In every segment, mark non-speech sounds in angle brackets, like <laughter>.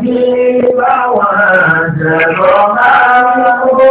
Bí báwọn àjẹ̀rọ̀ máa ń kó.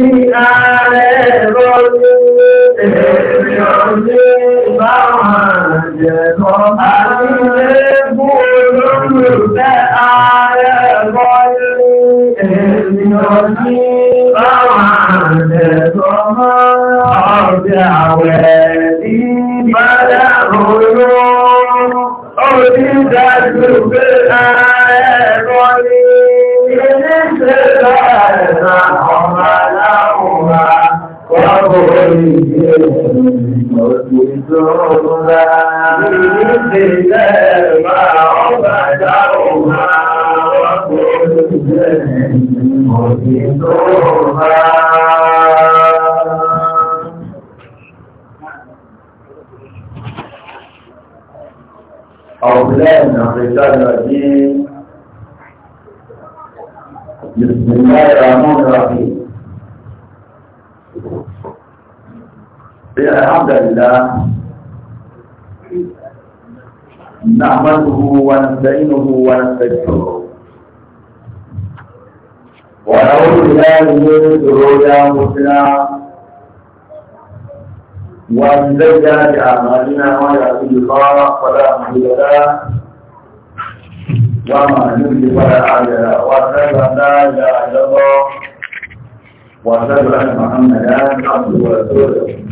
sí ààrẹ lọ́dún èmi ò ní báwọn àjẹ̀kọ́ àti lébù olólùfẹ́ ààrẹ lọ́dún èmi ò ní báwọn àjẹ̀kọ́ ọ̀dẹ̀ àwẹ̀ ní bàdà olóró ó ti dájú pé ààrẹ. بسم الله الرحمن الرحيم الحمد لله نعمله ونستعينه ونستغفره ونعوذ بالله من شرور انفسنا ومن سيئات اعمالنا من يهده الله فلا مضل له وما يضلل فلا حاجة له واشهد ان لا اله الا الله واشهد ان محمدا عبده ورسوله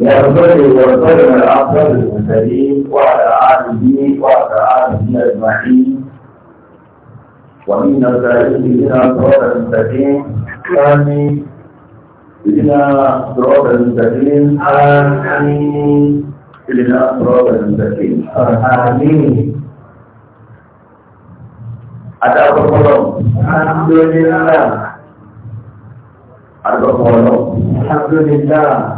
ينبغي وسلم الأفضل المرسلين وعلى آله وعلى آله أجمعين ومن نستعين بنا صراط المستقيم آمين بنا صراط المستقيم آمين بنا صراط المستقيم آمين ada apa tolong? Alhamdulillah. Ada apa tolong? Alhamdulillah.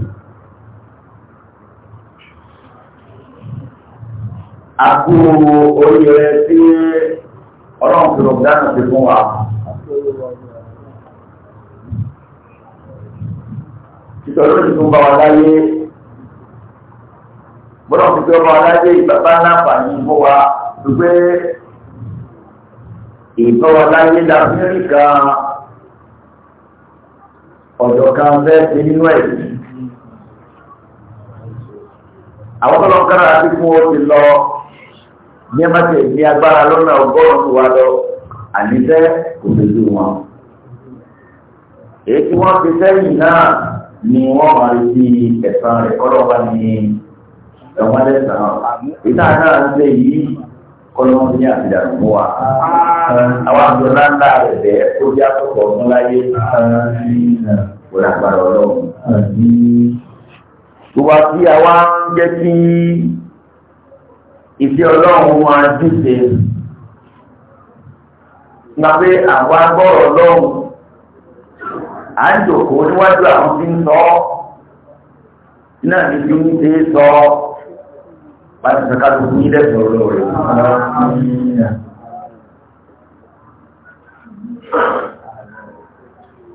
àkú oríire tí ọlọ́run fi ti fún wa. ìtọ́jú ti tún bá wa láyé gbọ́dọ̀ fi tún bá ìbábá láǹfààní fún wa dùgbé ìtọ́wà láyé ọ̀dọ̀ kan ti nínú ẹ̀ àwọn àti fún ó ti lọ ní ẹbá tẹ̀ ní agbára lọ́nà ọgọ́rùn-ún wa lọ àníṣẹ́ kò lójú wọn. èyí tí wọ́n fi sẹ́yìn náà ni wọ́n máa rí sí ẹ̀sán rẹ̀ kọ́lọ́ba ní ẹ̀wọ̀n lẹ́sàn-án. ìta náà ń lé yìí kọ́lọ́wọ́n ní àfihàn mú wa. àwọn àjọ náà ń dá rẹ̀ bẹ́ẹ̀ tó bí àtọ̀kọ̀ ọ̀gbọ́n láyé kò lágbára ọlọ́run. gbogbo àti àwa ń jẹ́ kí ìfẹ́ ọlọ́run máa dìde gbàgbé àwọn agbọ́rọ̀ ọlọ́run à ń jòkó níwájú àwọn tí ń sọ ọ́ náà ní bí wọ́n ṣe é sọ ọ́ láti ṣe káàkiri fún ilé ẹ̀sìn olóore.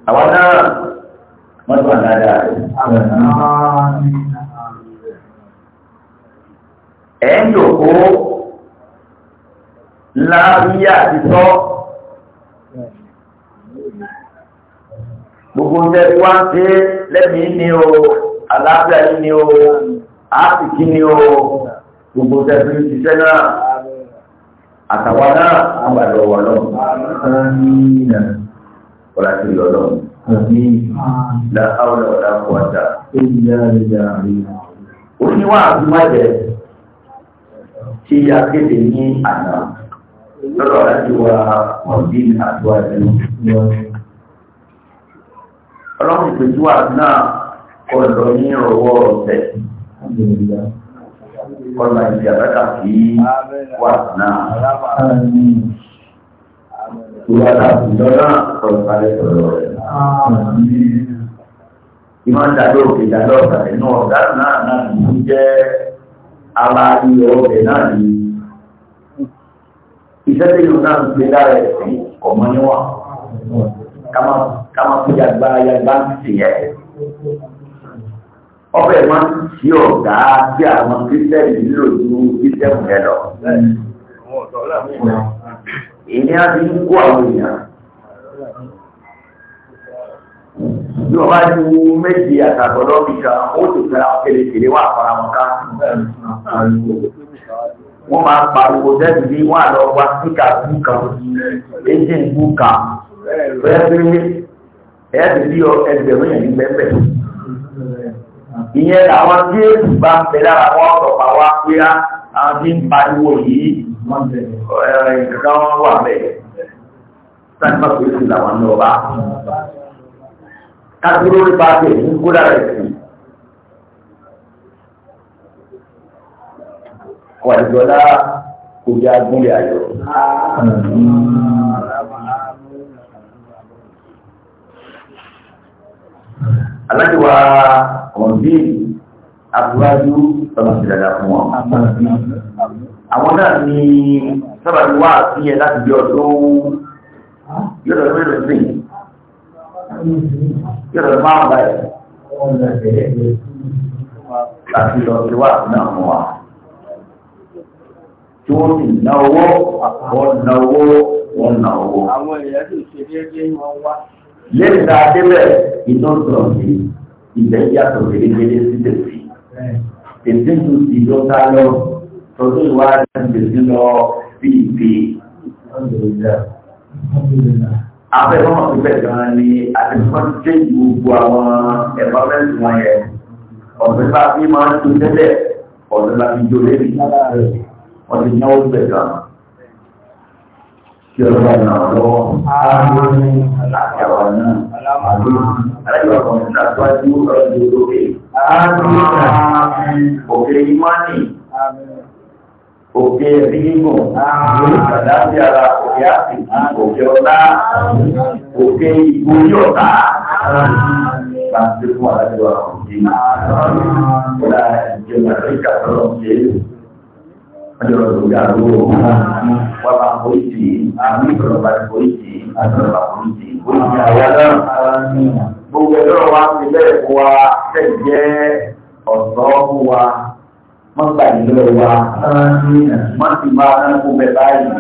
àwọn náà mọ́tò àdáadáa rẹ̀ ẹ̀ ń dòkó láàríyà ti tọ́ gbogbo ń tẹ́lú wá ń ṣe lẹ́mí ní o àlàáfíà yìí ní o áàtìkí ní o gbogbo tẹ́lú ṣiṣẹ́ náà àtàwọn náà àgbàdo wọ̀ lọ́wọ́ wọ́n ti lọ lọ́wọ́. La hawla wala quwwata tí a kéde ní àná lọ́rọ̀ láti wá ọ̀dín àdúrà ẹnu ọlọ́run ìpèjúwà náà kọ̀ọ̀dọ̀ ní ìrọ̀wọ́ ọ̀sẹ̀ ọ̀nà ìjàbẹ́ta kì í wà náà ìwà àtijọ́ náà sọ̀rọ̀ sáré sọ̀rọ̀ rẹ̀ ìmọ̀ ìdádó òkè ìdádó ọ̀sàlẹ̀ náà ọ̀dá náà náà ń jẹ́ ara iyọ̀ ọbẹ̀ náà ni iṣẹ́ tẹ́lẹ̀ náà ń gbé lára ẹ̀sìn ọ̀mọ́ níwọ̀n ká máa fi yàgbá yàgbá sí ẹ̀ ọbẹ̀ máa ń ṣí ọ̀gá bí àwọn kírísítẹ́nì nílò ju kírísítẹ́nì rẹ lọ. èyí á fi ń kó àwọn èèyàn bí bá ju méjì àtàtọ̀ lọ́bì ó sì fẹ́ra kéré kéré wà fara mọ́ wọ́n máa pariwo dẹ́bi bí wọ́n àlọ́ wa síkà búkà ẹ̀jẹ̀ búkà pẹ́ẹ́pẹ́ ẹ̀ẹ́dì bí ẹgbẹ̀rún yẹn ní pẹ́pẹ́ ìyẹn àwọn tí èsì bá ń pẹ̀lá àwọn ọ̀pọ̀ wa pé àwọn tí ń pariwo yìí ìkàkà wọn wà bẹ́ẹ̀ sáàtìmọ̀ pé èsì làwọn lọ́ba káàkiri orí pàṣẹ ní kódà rẹ̀ sí wàlùdọ́lá kò jẹ́ agúnlẹ̀ ayọ̀. alájọwà ọ̀bí abúrájú ọlọ́sìdàdà fún wọn. àwọn náà ni sábàbí wà sí ẹ láti bí ọdún yóò lọ mẹ́rin sí yóò lọ máa báyìí láti lọ sí wà náà mú wa tí wọ́n sì náwó wọ́n náwó wọ́n náwó. Àwọn èèyàn sì ṣe déédéé wọn wá. Lẹ́yìn tá a débẹ̀, iná sọ̀rọ̀ sí ibẹ̀ yàtọ̀ gẹ́gẹ́gẹ́ sí tẹ̀sí. Tẹ̀sí tó ti lọ ká lọ, tọ́jú ìwádìí tẹ̀sí lọ sí ìpè. Abẹ́rẹ́ wọn ti bẹ̀rẹ̀ gan ni àtẹ̀síwájú jẹ́ gbogbo àwọn ẹ̀fọ́ mẹ́sì wọn yẹn. Ọ̀sẹ̀ bá fi máa ń tún tẹ́lẹ̀, ọ̀sẹ̀ bá fi jọ lẹ́yìn wọ́n ti náwó bẹ̀ dáná. Kí ọlọ́wà náà lọ́wọ́. Àyàwó náà. Aláìwà kan ní àtúwájú ọ̀dọ̀ òkè. Òkè ìmánì. Òkè ẹ̀rí gígùn. Àdábí ara òkè àti òkè ọ̀tá. Òkè ìgbóyè ọ̀tá. Bàtí fún àdájọ́ àwọn òkè. Ó dá ìjọba Áfíríkà tọ́lọ́ ń ṣe é ọjọ́ ìgbà lówó wà bá oríṣi àmì ìjọba oríṣi àjọba oríṣi oríṣi àwa náà gbogbo ẹ̀rọ wa ti bẹ́ẹ̀ kó wa tẹ̀ jẹ́ ọ̀sọ́ fún wa wọ́n gbà ìlú wa wọ́n sì máa ń kó bẹ báyìí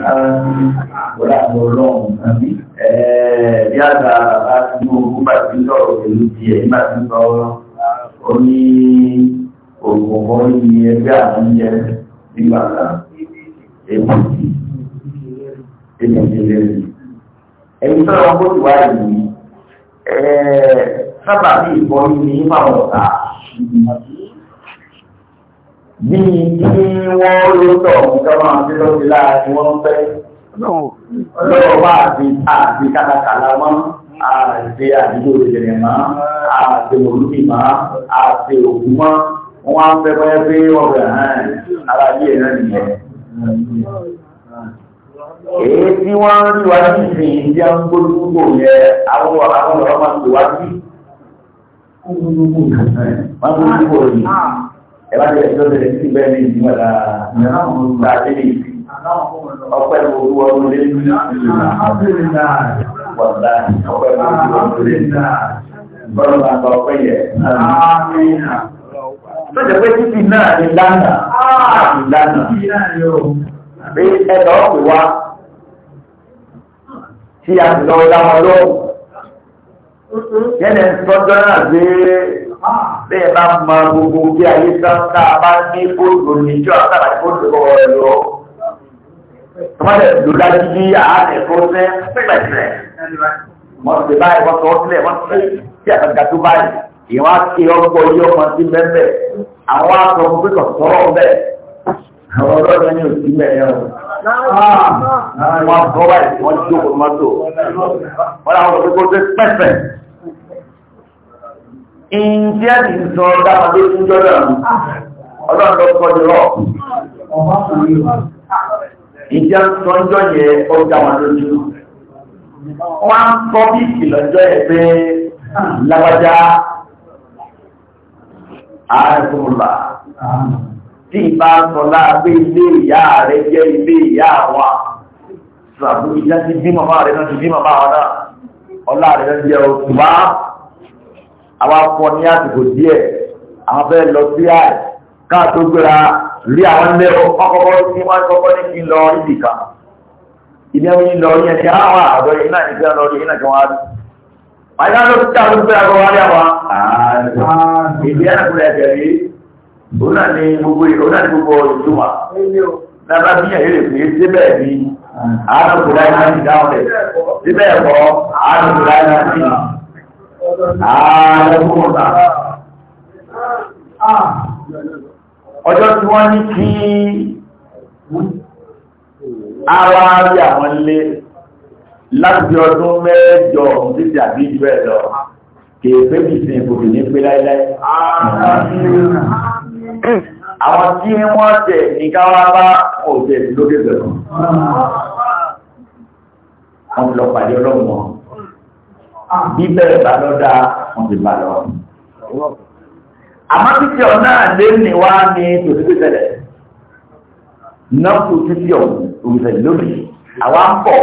wọ́lá ní ọlọ́run bí àgbà bàbá tí bá ti sọ̀rọ̀ pẹ̀lú tiẹ̀ nígbà tí sọ ó ní òògùn kan ní ẹgbẹ́ àwọn oúnjẹ nígbà kan èbùtì èbùtì lẹ́nu. ẹ̀yin tó lọ bó ti wá yìí sábà bí ìbọn ní fáwọn ọ̀tá bí kí wọ́n ló tọ̀ nǹkan máa fi lọ́sí láàrin wọ́n fẹ́ lọ́wọ́ bá àti àti kátàkàlà mọ́ àti àdúgbò ìjẹ̀rẹ̀ mọ́ àti olùbí àti òkú mọ́ wọ́n á fẹ́ pẹ́ pé ọ̀rẹ́ ara bí ẹ̀rẹ́ nìyẹn èyí tí wọ́n rí wá sí ìdí agbóhùngbò yẹ àwọn àwọn ọ̀rọ̀ máa tó máa ń gbogbo yìí ẹ bá tẹ̀lé ìjọba ẹ̀ sí bẹ́ẹ̀ ní ìdíwọ̀n dáa ní ìsìn ọpẹ́ gbogbo ọdún lé ní ìlú wọ̀dá ọpẹ́ gbogbo ọpẹ́ yẹ. Lọ́jọ́ pé títì náà ni lánà, ah. láti lánà. Bí ẹ̀dọ̀ ọ̀pẹ̀ wá, tí a ti lọ dá wọn lọ́wọ́. Yẹ́nẹ̀ tọ́jọ́ náà gbé bí ẹ bá mọ gbogbo bí ayé sáńtà bá ní bóòlù níjọ́ àkàrà bóòlù ọ̀rọ̀ lọ. Tọ́mọ́lẹ̀ ló dájú bí àárẹ̀ tó fẹ́ pẹ̀lẹ̀. Wọ́n ìwọ́n ti ọkọ̀ orí ọmọ sí bẹ́ẹ̀ àwọn aṣọ pé kò sọ̀rọ̀ bẹ́ẹ̀ àwọn ọlọ́dún ní òsì bẹ́ẹ̀ o. wọ́n bọ́ báyìí wọ́n jókòó mọ́tò wọ́n làwọn ọ̀dọ́ tó ṣe pẹ́pẹ́. ǹjẹ́ ti sọ dáhùn ló ń jọ náà ọlọ́run ló kọ́ ni rọ̀. ǹjẹ́ sọ́njọ́ yẹ ọjà wọn lójú. wọ́n á sọ bí ìkìlọ̀ jọ yẹ pé lágbájá ààrẹ̀kùnlá tí ìbá sọlá pé ilé ìyá rẹ̀ jẹ́ ilé ìyá wa ṣàbú ìjá ti bí màmá rẹ̀ náà ti bí màmá wa náà ọlá rẹ̀ náà jẹ́ òtùbá àwọn akọ ní àsìkò díẹ̀ àwọn fẹ́ lọ sí àì káàtó gbéra rí àwọn ilé ọkọ̀ọ̀kọ̀ tí wọ́n kọ́kọ́ ní kí lọ lọ yẹn ti àwọn lọ rí yìí பையனாலும் அனுப்பியாக வாரியாவா இப்படியான கூட சரி உன்னாடி முப்பது உன்னாடி முப்பது சும்மா நல்லா நீங்க எழுதி சிபே நீ ஆடம் குடாய் தாவலே சிபே போ ஆடம் குடாய் நாட்டி ஆடம் போடா ọjọ́ tí wọ́n ní kí ara rí àwọn ilé láti ọdún mẹ́jọ títí àbí jù ẹ̀ lọ kèé pé kì í sin ìbòkè ní pé láíláí. àwọn tí wọ́n tẹ̀ ní káwá bá òṣèlú lókè bẹ̀rù wọ́n lọ pàdé ọlọ́run wọn bíbẹ̀ bá lọ dá wọn ti bá lọ. àmọ́ títí ọ̀ náà lé ní wá ní tòṣìṣẹ́ tẹ̀lẹ̀ náà kò títí ọ̀ òṣèlú lórí àwa ń bọ̀.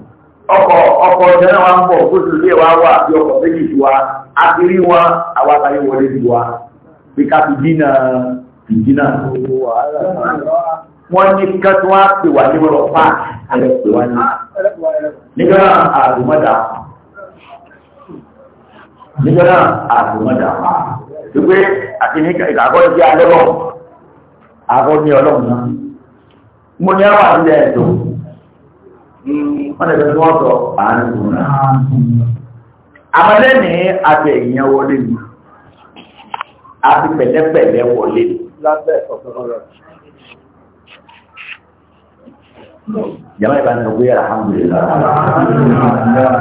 ọkọ̀ ọkọ̀ ọ̀jẹ́ ń bọ̀ wa wà bí ọkọ̀ méjì sí wa a ti rí wọn àwọn wọlé sí wa bí ká fi dínà ìdínà. wọ́n ní ká tí pè ní wọ́n lọ pa pè wá ní. àdùmọ́dà àdùmọ́dà wípé àti ní wọ́n lè tẹ́tí wọ́n sọ àánú rẹ̀. àwọn lẹ́nìí àti ẹ̀yìn wọlé mi àti pẹ̀lẹ́pẹ̀lẹ́ wọlé mi. jama ìbá ní ọgbé alhamdulillah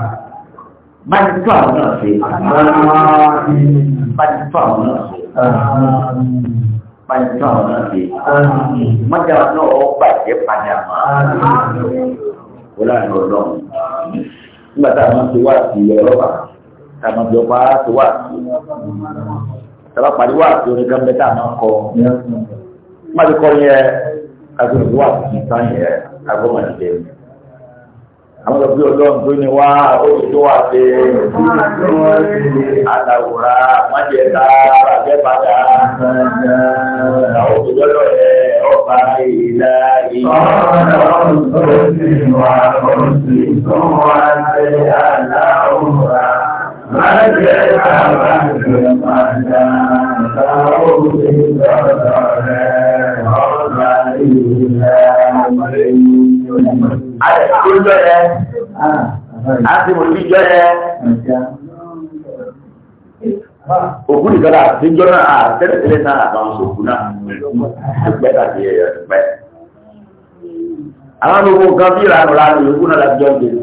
bá ti tó àwọn náà ṣe bá ti tó àwọn náà ṣe bá ti tó àwọn náà ṣe mọ́jà náà ó bàjẹ́ padà máa láàrin ọlọ́run nígbà tá a máa ń ti wá sí ọlọ́pà tá a máa ń jọba ti wá sí tàbá parí wá sí orin kan bẹ́tà máa ń kọ má ti kọ́ yẹ agbóhùn wá sí ìtàn yẹ agbóhùn àti bẹ́ẹ̀ àwọn ọ̀gbìn ọlọ́run tó ní wá oṣù tó wà pé àtàwòrán májẹ̀ta àbẹ́bàdà àwọn òṣèlú ọlọ́run إلهي قال أنصرني وأنصرني ثم أتي على أمرا ما جاء بعد ما جاء أوصي Ada sebelum tu ya. Ada sebelum tu ya òkú nìkan náà àtijọ́ náà àtẹ́lẹ̀tẹ́lẹ̀ náà àbáwọn òkú náà ẹgbẹ́ àti ẹ̀yẹ ẹgbẹ́. àwọn gbogbo nǹkan bí ìlànà ìlànà ìlú náà láti jọ ń gbèrè.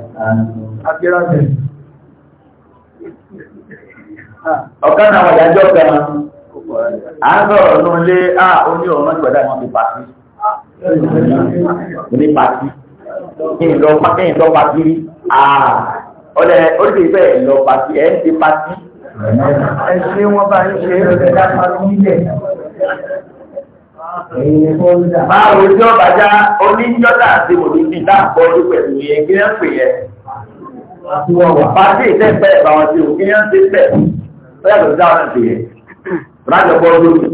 ọ̀kan náà wọ̀nyí àjọ kan à ń sọ̀rọ̀ ní ilé a oní ọ̀rọ̀ ìgbàdá wọn ti pàtí. ní pàtí kí n lọ pàtí rí ọ̀dẹ̀ oríṣiríṣi ẹ̀ lọ pàtí ẹ̀ ń ti pàtí ẹ̀sìn wọn bá ń ṣe Báwo tí ó bàjá oníjọ́dá àti òníbi dáàbọ̀ ní pẹ̀lú yẹn kí wọ́n pè yẹ. Pàtí ìtẹ́pẹ́ ìbáwọn tí ò kí wọ́n ti pẹ̀ fẹ́ẹ̀lú dáwọn ti yẹ. Rájọ bọ́ lórí.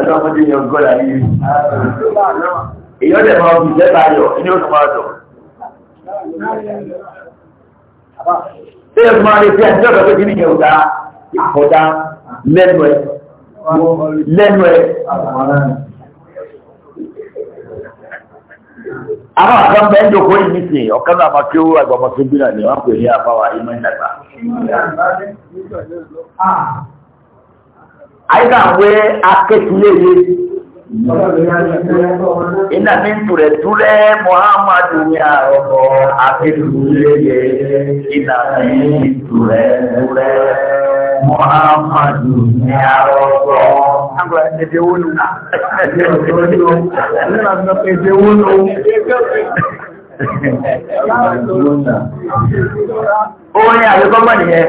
Ẹlọ́mọdé yan gọ́lá yìí. Èyí ó dẹ̀ máa fi jẹ́ báyọ̀ ní oṣù máa dọ̀. Ṣé ẹ̀sùn máa lè fi ẹ̀sùn ọ̀dọ̀ kí ní ìyẹn òdá àkọ́dá lẹ́nu ẹ̀? Lẹ́nu ẹ̀. Àwọn àkàn bẹ́ẹ̀ ń dòkó yìí nìsín, ọ̀kan náà máa kí ó àgbàmọ̀sí gbìnà ni wọ́n pè ní àbáwá ìmọ̀ ìdàgbà. Àyíká àwọn akẹ́kọ̀ọ́ Iná mi ń turẹ̀ túrẹ́ Muhammadu ní àrọ̀bọ̀ àfẹ́lúlẹ́yẹ. Iná mi ń turẹ̀ túrẹ́ Muhammadu ní àrọ̀bọ̀. Àgbà èdè wo nù? Èdè wo nù? Orin àgbẹ̀kọ́gbọ̀n nìyẹn.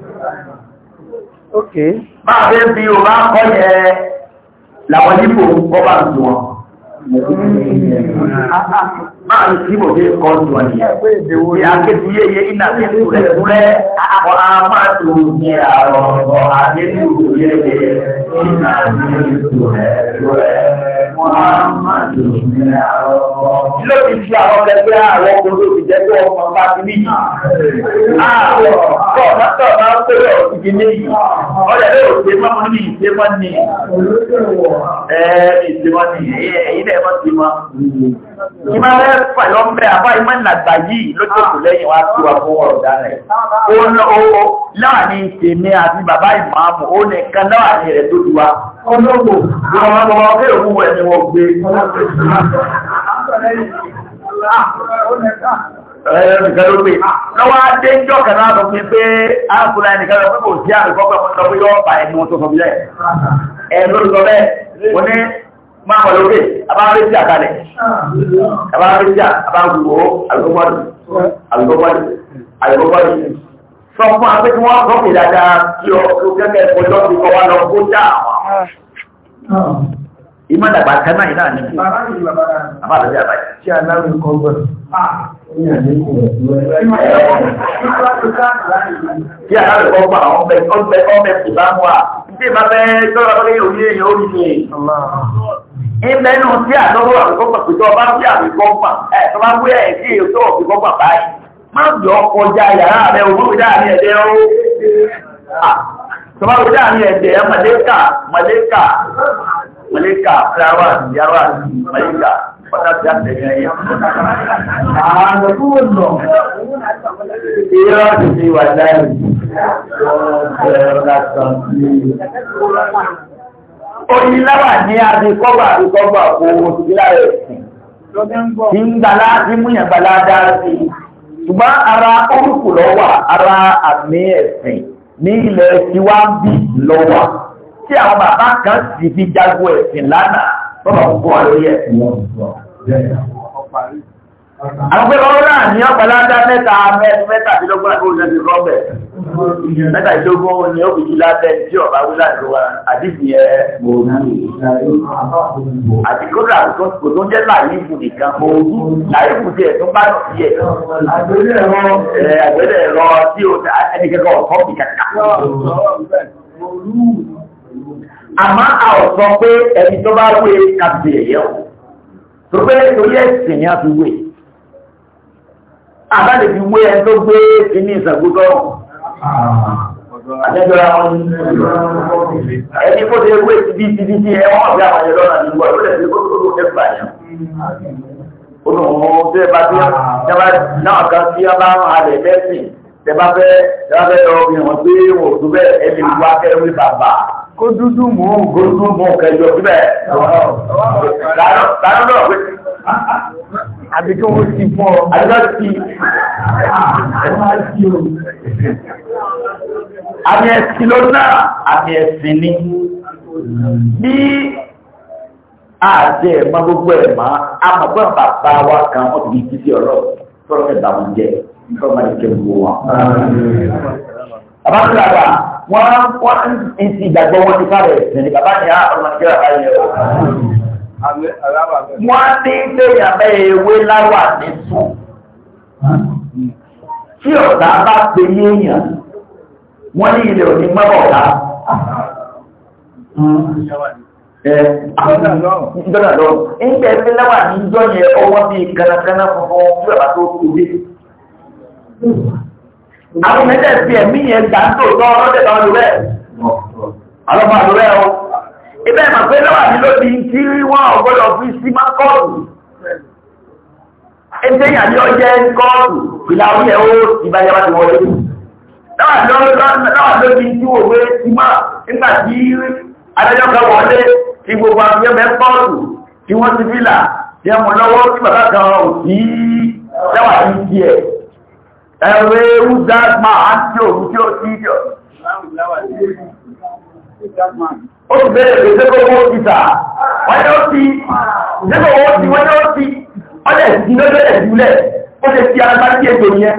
bá a fẹ́ fi òun bá kọ́ yẹ làwọn yípo kọ́ bá ń sùn wọn. Mm máa ń tí mo fi kọ́ tó ní ẹ̀ akéwìyé yẹ iná fi túlẹ̀ túlẹ̀ àwọn amátò ní àrọ̀ ọ̀ àdéhùn yẹ yẹ iná fi túlẹ̀ túlẹ̀ wọn amátò ní àrọ̀ ọ̀. ló fi fi àwọn ọ̀gẹ́gẹ́ àwọn ọkùnrin òbí jẹ́ pé ọkọ̀ bá ti ní yìí. ààrọ̀ kọ́ mọ́tò máa ń pèrè òkìkí ní ọ̀rẹ́ lè ò ṣe mọ́ ní ìṣe mọ́ ní ìṣe mọ́ ní ìṣe mọ́ ìmọ̀ rẹ̀ fàyọ̀ ń àbá ìmọ̀ ìnàgbà yìí lójókòó lẹ́yìn wá sí wa fún ọ̀rọ̀ dálẹ̀. ó lọ owó láàrin tèmi àti bàbá ìmáàmù ó ní kan láàrin rẹ̀ tó ti wá. olóògbò àwọn ọmọ ọmọ ọmọ òwú ẹ̀ ni wọ́n gbé. Ẹnìkan ló pè. Lọ́wọ́ adé ń náà sọ pé arákùnrin ẹnìkan lọ pé kò sí àrùkọ́pẹ́ fún ọjọ́ pé yọ́ ọ̀bà ẹni wọn tó sọ bí lẹ̀. Ẹ máa pẹ̀lú pé àbáwọlé sí àkálẹ̀ àbáwọlé sí àbáwọ̀ àlùkọ́gbọ́dù àlùkọ́gbọ́dù àlùkọ́gbọ́dù sọ fún wa pé kí wọ́n sọ pé dáadáa kí ọ kí ó kẹ́kẹ́ ẹ̀kọ́ lọ́sí ìmọ̀ dàgbà kan náà ìlànà níbi. Àbá àbẹ̀bí àbáyé. Ṣé aláwọ̀ kan ah. ah. bọ̀? Ṣé aláwọ̀ kan bọ̀ àwọn ọbẹ̀ ọbẹ̀ ọbẹ̀ kò bá mú wa? Ṣé ìbá fẹ́ tọ́ra lórí òye èèyàn ó rí mi? Ìbẹ̀ nù sí àdọ́rọ̀ àbíkọ́ pàtó tó ọba sí àbíkọ́ pà. Ẹ tó bá wí ẹ̀ kí èyí tó àbíkọ́ pà báyìí. Má yọ ọkọjá yàrá rẹ̀ òwúrò dáàrin ẹ̀dẹ́ ó mọ̀lẹ́kà malika fulawa yawa malika wata ti a tẹ̀lé ẹ̀yẹ. àwọn tó ń lọ. irọ́ ti fi wà láyé. ọ̀rọ̀ lásán sí i. oníláwà ní abikọ́gbà abikọ́gbà kó o ti láyé sìn. tí ń gbàlá tí múyàn gbàlá dá sí i. ṣùgbọ́n ara orúkú lọ́wà ara àmì ẹ̀sìn ní ilẹ̀ tiwa bí lọ́wà tí àwọn bàbá kan sì fi jago ẹ̀sìn lánàá bọ́bà púpọ̀ lórí ẹ̀sìn wọn. Àwọn ọ̀rọ̀ náà ní ọ̀pọ̀lọpọ̀ mẹ́ta mẹ́tàdínlógún àti oṣù rọ́bẹ̀. Mẹ́tàdínlógún ni ó fi jí lábẹ́ tí ọ̀bá wílà ló wà àdìsí ẹ̀ àmọ́ a ò sọ pé ẹni tó bá wé kàbí ẹ̀yẹ o tó pé torí ẹ̀sìn ni a fi wé àbálẹ̀ fi wé ẹni tó gbé kíní ìsàgbótọ́ àjẹjọra wọn ni ẹni kó ṣe wé ti bí ti bí ẹ wọn ọ̀gá àwọn ẹ̀yẹ lọ́nà nígbà tó lẹ̀ fi kó tó lóun ẹ̀fà yẹn olùwọ̀n tó ẹ bá tó náà kan tí a bá ń halẹ̀ mẹ́sìn tẹ bá fẹ́ tẹ bá fẹ́ lọ fi hàn pé wọ́n tó bẹ́ẹ̀ ẹni wá kẹ́rù bàbá kó dúdú mú gbogbo mú kẹjọ síbẹ̀. Láàárọ̀ bọ̀ pé àbí kí wọ́n ti fọ́ àjọ ti àmì ẹ̀sìn ló náà àmì ẹ̀sìn ni. Bí àti ẹ̀mọ́ gbogbo ẹ̀mọ́ amọ̀gbọ́n bàbá wa kan wọ́n ti fi sí ọ̀rọ̀ tọ́lọ́mẹ̀ta wọn jẹ́ tọ́lọ́mẹ̀ta wọn jẹ́ gbogbo wọn. Àbájáde wọ́n wọ́n ń ti ìgbàgbọ́ wọn ti kárẹ̀ ìsìn ní bàbá ní àwọn ọmọdé àbáyé ọ̀. wọ́n ti ń pè yàgbẹ́ ewé láwà ní sùn. tí ọ̀dà bá pe yéèyàn wọ́n ní ilẹ̀ òní mọ́bọ̀ ọ̀dà. Ìjọba lọ, ìgbà ẹgbẹ́ láwà ní ìjọ yẹn ọwọ́ bíi kanakana funfun tí bàbá tó kú dé àwọn mẹ́tẹ̀ fi ẹ̀mí yẹn gbà ń tò tọ́ ọlọ́dẹ̀ bá lò bẹ́ẹ̀ ọlọ́pàá lò bẹ́ẹ̀ o ibẹ̀ mà pé lọ́wọ́ mi ló di tí wọ́n ọgbọ́dọ̀ fi sí má kọ́ọ̀tù ẹgbẹ́ ìyàní ọjẹ́ kọ́ọ̀tù ìlà orílẹ̀ ó ti bá yẹ bá ti wọlé lọ́wọ́ ló di tí wò wé ti má nígbà tí adájọ́ kan wọlé tí gbogbo àfihàn kọ́ọ̀tù tí wọ́n ti fìlà tí ẹ mọ̀ lọ́wọ́ tí bàbá kan ò sí lẹ́wà ní tiẹ̀ ẹ̀rọ ewu dagma àti òun tí ó ti jọ. ó ti bẹ̀rẹ̀ pé ṣé kókó ti tà wọ́n yóò ti ṣé kókó ti wọ́n yóò ti ọ̀dẹ̀ ti lọ́dẹ̀ ìdúlẹ̀ ó ṣe ti ara sí ètò yẹn.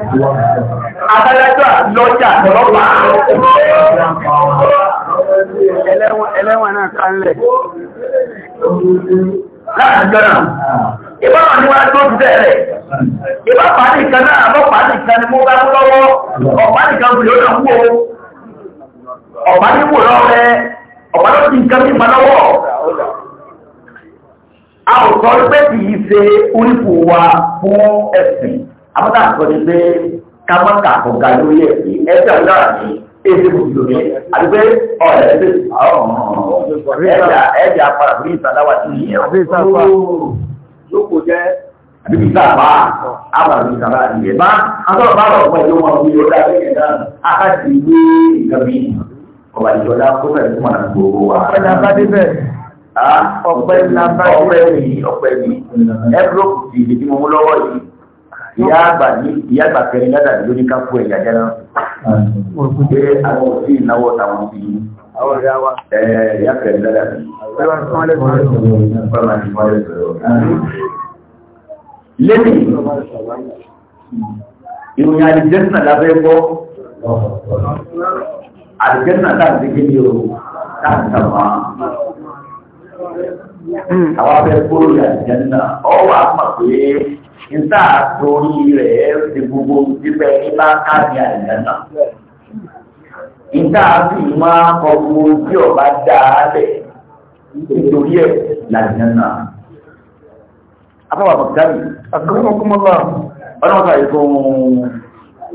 adájọ́ àti lọ́jà lọ́pàá. ẹlẹ́wọ̀n náà kánlẹ̀. láti jọ ìbá wà ní wájú ó dúdẹ rẹ ìbá pàdé ìkan náà àbọ̀ pàdé ìkan ni mo bá mú lọ́wọ́ ọ̀pá nìkan kò lè ó náà wúwo ọ̀pá ní wò lọ́wọ́ rẹ ọ̀pá ló ti nǹkan mímọ lọ́wọ́ a ò sọ pé kì í ṣe orípo wa fún ẹ̀sìn àbúrò àtọ́ ni pé ká má kà kó ga lórí ẹ̀sìn ẹ̀sìn àbúrò àti èdè mùsùlùmí àti pé ọ̀rẹ́ ẹ̀sìn ẹ̀dà ẹ̀dà jókòó jẹ́ àbíbí sábà àbàbí sábà ìyẹ̀ bá àtọ́rọ̀ bá rọ̀ pọ̀ ìlú wọn ní ọdá bẹ́ẹ̀ náà àkáàtì ìwé ìgbàmí ọba ìjọba tó fẹ́ fún àwọn gbogbo wa. ọpẹ́ ní abájẹ́ bẹ́ẹ̀ ọpẹ́ ní abájẹ́ ọpẹ́ ní ọpẹ́ ní ẹ̀rọ ti ìdí tí mo mú lọ́wọ́ yìí ìyá àgbà ní ìyá àgbà kẹrin ládàá lórí ká ẹ̀yà jẹ́ náà. pé àwọn òsì ìnáwó táwọn ti yìí àwọn ìyá wa. Ẹ ìyá kẹ̀lẹ́ dáadáa. Ọlọ́run fún wọn lẹ́sọ̀rọ̀. Ọlọ́run fún wọn lẹ́sọ̀rọ̀. Lẹ́yìn ìròyìn àdìjẹ́sìnà lábẹ́ gbọ́. Àdìjẹ́sìnà táàbí kí ni o táàbí tàbá. Hmm. Àwọn abẹ́ kúrò àdìjẹ́sìnà ọwọ́ àpà pé níta torí rẹ̀ ti gbogbo síbẹ̀ nípa káàdì àdìjẹ́sìnà ìta àti ìmọ̀ ọ̀gbọ̀n ojú ọba dáadẹ̀ nítorí ẹ̀ làjẹ́ náà. Afọ́wà Bọ̀dábì, akọ́kọ́kọ́mọ́lá, ọlọ́pàá ìfún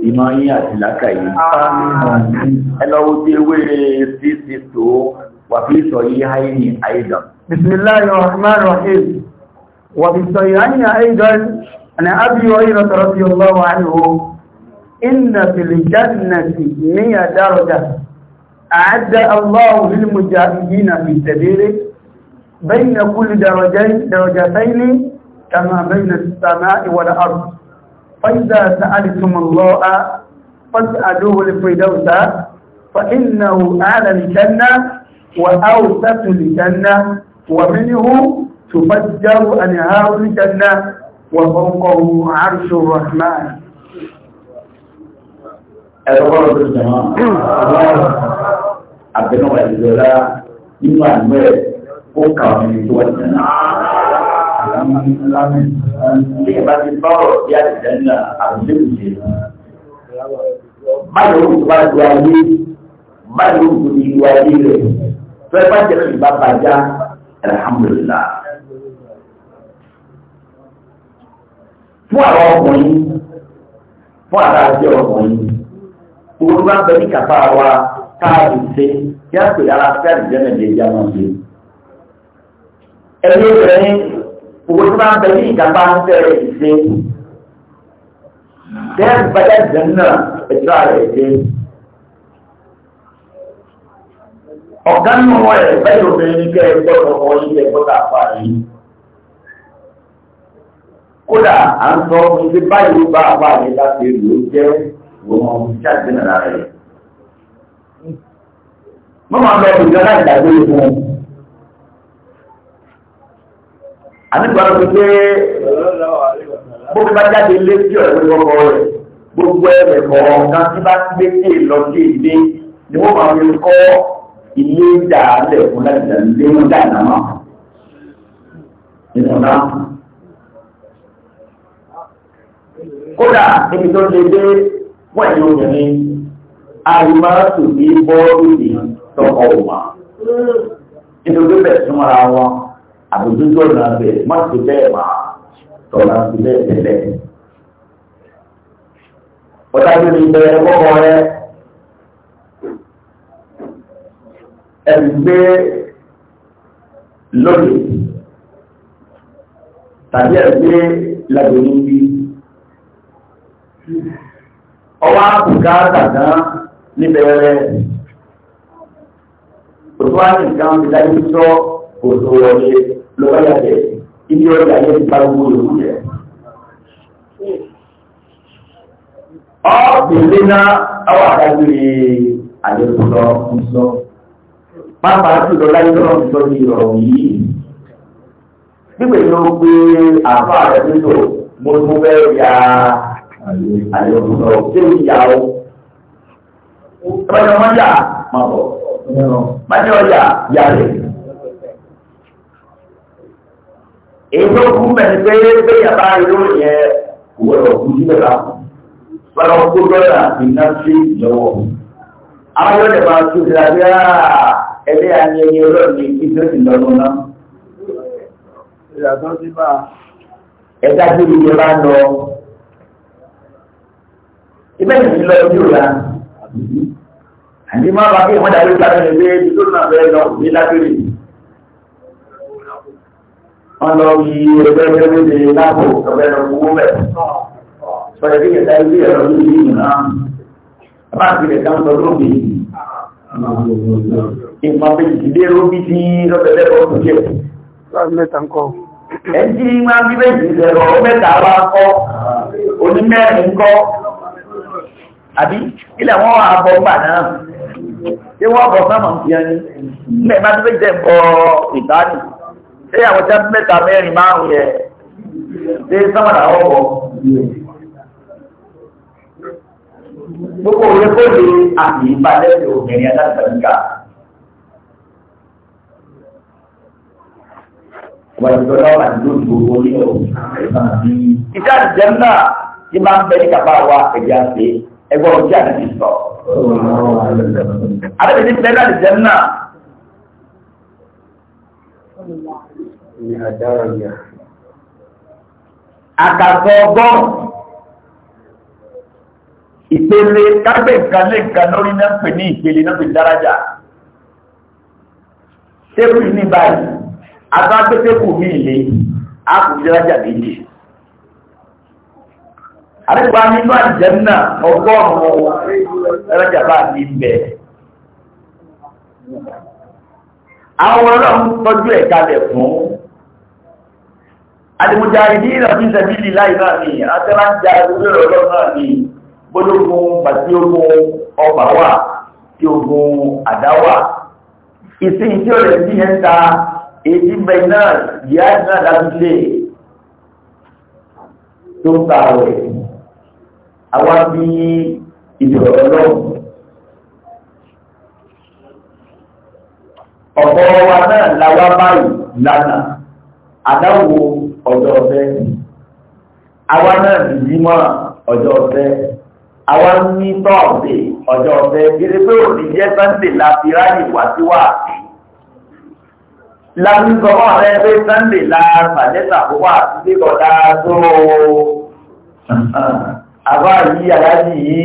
ìmọ̀ yín àti làákà yìí. Ẹlọ́wọ́ tí ewé sí ti tó wà fi sọ yí háyé ní àìdàn. Bismillahir Rahmanir Rahim. Wà fi sọ yí háyé ní àìdàn, àni àbí ọ̀yìn rọ̀tọ̀rọ̀ sí ọlọ́wọ́ àìhó. إن في الجنة مئة درجة أعد الله للمجاهدين في سبيله بين كل درجين درجتين كما بين السماء والأرض فإذا سألتم الله فاسألوه الفردوس فإنه أعلى الجنة وأوسط الجنة ومنه تفجر أنهار الجنة وفوقه عرش الرحمن ẹ̀rọ̀gbọ́n tó jẹ wọn àbẹ̀nà ìjọra nínú àgbẹ̀ ó kà wọn ní tó wọ́n jẹ́nà ní ìbá ti bá ọ̀rọ̀ bí àtìjẹ́ ní àbúlé ìjẹ́ báyìí ó bá ju ayé báyìí alhamdulillah fún àwọn ọkùnrin fún àtàjẹ́ ọkùnrin gbogbo bá bẹ ní kàfà wa káàdì ṣe yá pè ara káàdì jẹ́nà lè jẹ́ àwọn ṣe. ẹni obìnrin gbogbo tó bá bẹ ní ìkàfà ń tẹ̀rẹ̀ ṣe bẹ́ẹ̀ bá yá jẹ́nà ẹ̀tọ́ rẹ̀ ṣe. ọ̀gá nínú wọn ẹ̀ bẹ́ẹ̀ obìnrin kẹ́ ẹ gbọ́dọ̀ ọkọ̀ yín ẹ gbọ́dọ̀ àfa yìí. kódà à ń sọ fún ibi báyìí ló bá wọ́n mọ̀ ọ́n jáde náà lára rẹ̀. wọ́n máa ń lọ ìjọ láti dàgbé fún un. ànígbà ló fi pé bó ti bá jáde lé sí ọ̀rẹ́ tó kọ́ rẹ̀ gbogbo ẹ̀rẹ̀ kọ̀ọ̀kan tí bá gbé sí lọ sí ilé ni wọ́n máa fi kọ́ ilé dàálẹ̀ fún láti dàgbé lé dáná náà. nínú kódà níbi tó ṣe dé wọ́n ẹ̀yìn obìnrin àìmọ́tò ní bọ́ọ̀lù ní tọkọ wà nítorí bẹ́ẹ̀ tún ara wọn àbójútó ọ̀nà bẹ́ẹ̀ má ti bẹ́ẹ̀ máa tọ̀nà ti bẹ́ẹ̀ tẹ́lẹ̀. ọ̀tá tó ní bẹ́ẹ̀ kọ́kọ́ rẹ ẹ̀sìn gbé lónìí tàbí ẹ̀sìn gbé làgbẹ̀ẹ́ níbi ọwọ́ àbùkátà gan níbẹ̀rẹ̀ òtún àti nǹkan ti dájú sọ òtò wọlé lọ́wọ́yà jẹ ibi ọjà yẹ ti bá gbogbo ìlú jẹ. ọ́ọ̀bìnrin náà àwọn àdágbére àyẹ̀wò lọ ń sọ pápá jùlọ láyé lọ́rọ̀ ń sọ ní ìrọ̀rùn yìí. Gbígbè ló gbé àbá rẹ̀ nínú mo tún fẹ́ ya àyọ̀kùnrin ọ̀tí ìyàwó. Ẹgbẹ́ ọmọ máa bọ̀. Májẹ́ ọjà yà rẹ̀. Èyí tó kú mẹ́rin pé pé yàrá irú yẹ òwe ọ̀kú sílẹ̀ rà. Bọ́lá ọkú dọ́là iná sí ìjọwọ́. Àwọn yóò dẹ̀ máa tún síra ẹgbẹ́ àmì ẹni ọlọ́ọ̀ni ìtúrẹ́sì lọ́dún náà. Ìyàtọ̀ sí máa. Ẹ̀dá tó ti jẹ bá ibẹ̀ yìí lọ ojú la àti máa bá kí wọ́n dàbí ìgbà rẹ̀ lé ibi tó náà bẹ́ẹ̀ lọ ní lápẹ́rẹ́ wọ́n lọ fi ẹgbẹ́ ẹgbẹ́ lè lápò ọ̀bẹ́ lọ fowó bẹ̀ sọ̀rọ̀ bí kẹta ibi ẹ̀rọ ní ìlú náà bá ti rẹ̀ ká ń sọ lóbi ìmọ̀ bẹ́ẹ̀ ti lóbi tí lọ́bẹ̀ lẹ́kọ̀ọ́ tó jẹ́ ẹ̀jí máa bí bẹ́ẹ̀ àbí ilẹ̀ wọn wà bọ̀ gbà náà tí wọ́n bọ̀ sáàmù ìyẹn ni ilẹ̀ máa tó fẹ́ jẹ́ bọ̀ ìdánì tí àwọn tí wọ́n mẹ́ta mẹ́rin márùn yẹ tí sáàmù àwọn bọ̀ gbogbo òye kó lè àmì ìbàdẹ́ ti obìnrin alágbàdìgà. Ìjà ìjẹun náà ti máa ń bẹ ní kàbá wa ẹ̀jẹ̀ àti ẹgbọ́n ojú àti sọ. Àdébí ní Bẹ́lá lè jẹ́ náà. Àkàtọ̀ ọgbọ́n ìpele kágbé nǹkan lé nǹkan lórí náà pè ní ìpele náà pè dárájà. Tébù ní báyìí, àbá gbé tébù mí ìlé, á kò dárájà méjì àríwá nínú àjẹ́nà ọgọ́rùn-ún ẹlẹ́jàbá ní ibẹ̀. àwọn ọlọ́run tọ́jú ẹ̀ kalẹ̀ fún àdìmọ̀jà ìdí ìrọ̀bí ìṣẹ́bílì láì náà ni àtẹ́lájà ìwé ọlọ́run náà ni gbólógún pàtí ogun ọba wà tí ogun àdá wà ìsìn tí ó rẹ̀ sí ẹ̀ àwa bí ìdọ̀rọ̀ lọ́wọ́. ọ̀pọ̀ wa náà làwa báyìí lánàá àdáwò ọjọ́ ọ̀fẹ́ àwa náà dìjímọ̀ ọjọ́ ọ̀fẹ́ àwa ní tọ́ọ̀sì ọjọ́ ọ̀fẹ́ kiri pé òní jẹ́ sunday láti ráyè wá sí wà láti sọ fún pé sunday la pàdé tàbí wà sí tó o. <laughs> àbá yìí aláàjì yìí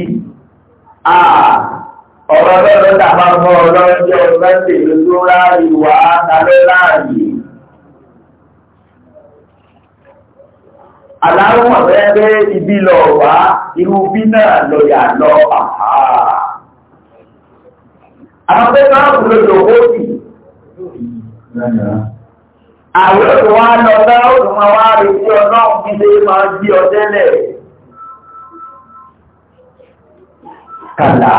ọ̀rọ̀ lọ́rọ̀ tàbá mọ́ ọlọ́jọ́ mẹ́sẹ̀ ló tó ráàrí wà tàbí láàrí aláwọ̀ rẹ́gbẹ́ ibi lọ wá irú bí náà lọ́yà lọ àhá àwọn pẹ́ máa kú lójò ó sì àwọn òṣùwà lọ náà òṣùwà wá rí sí ọ náà bí lè máa jí ọ kàlà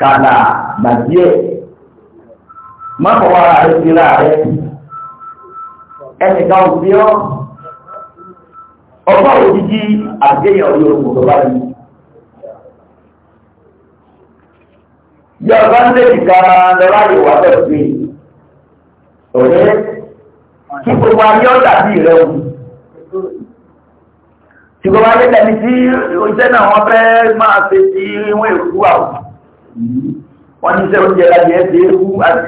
kàlà gbàdíẹ̀ má fọwọ́ ara rẹ̀ sí ra rẹ̀ ẹnìkan ò sí ọ́ ọgbà òjijì àgbéyàn orí orúkọ tó bá yìí. Yọ̀ọ̀bá ń lè dìgbà lọ́wọ́ àyèwà bẹ̀rẹ̀ pé òní kí gbogbo ayé ọ̀dà bíi rẹ̀ wù ṣùgbọ́n wá lé lẹ́ni tí oúnjẹ náà wọ́n fẹ́ máa ṣe tí wọ́n èkú àwọn wọ́n ní iṣẹ́ oúnjẹ láti ẹ̀ ṣe é kú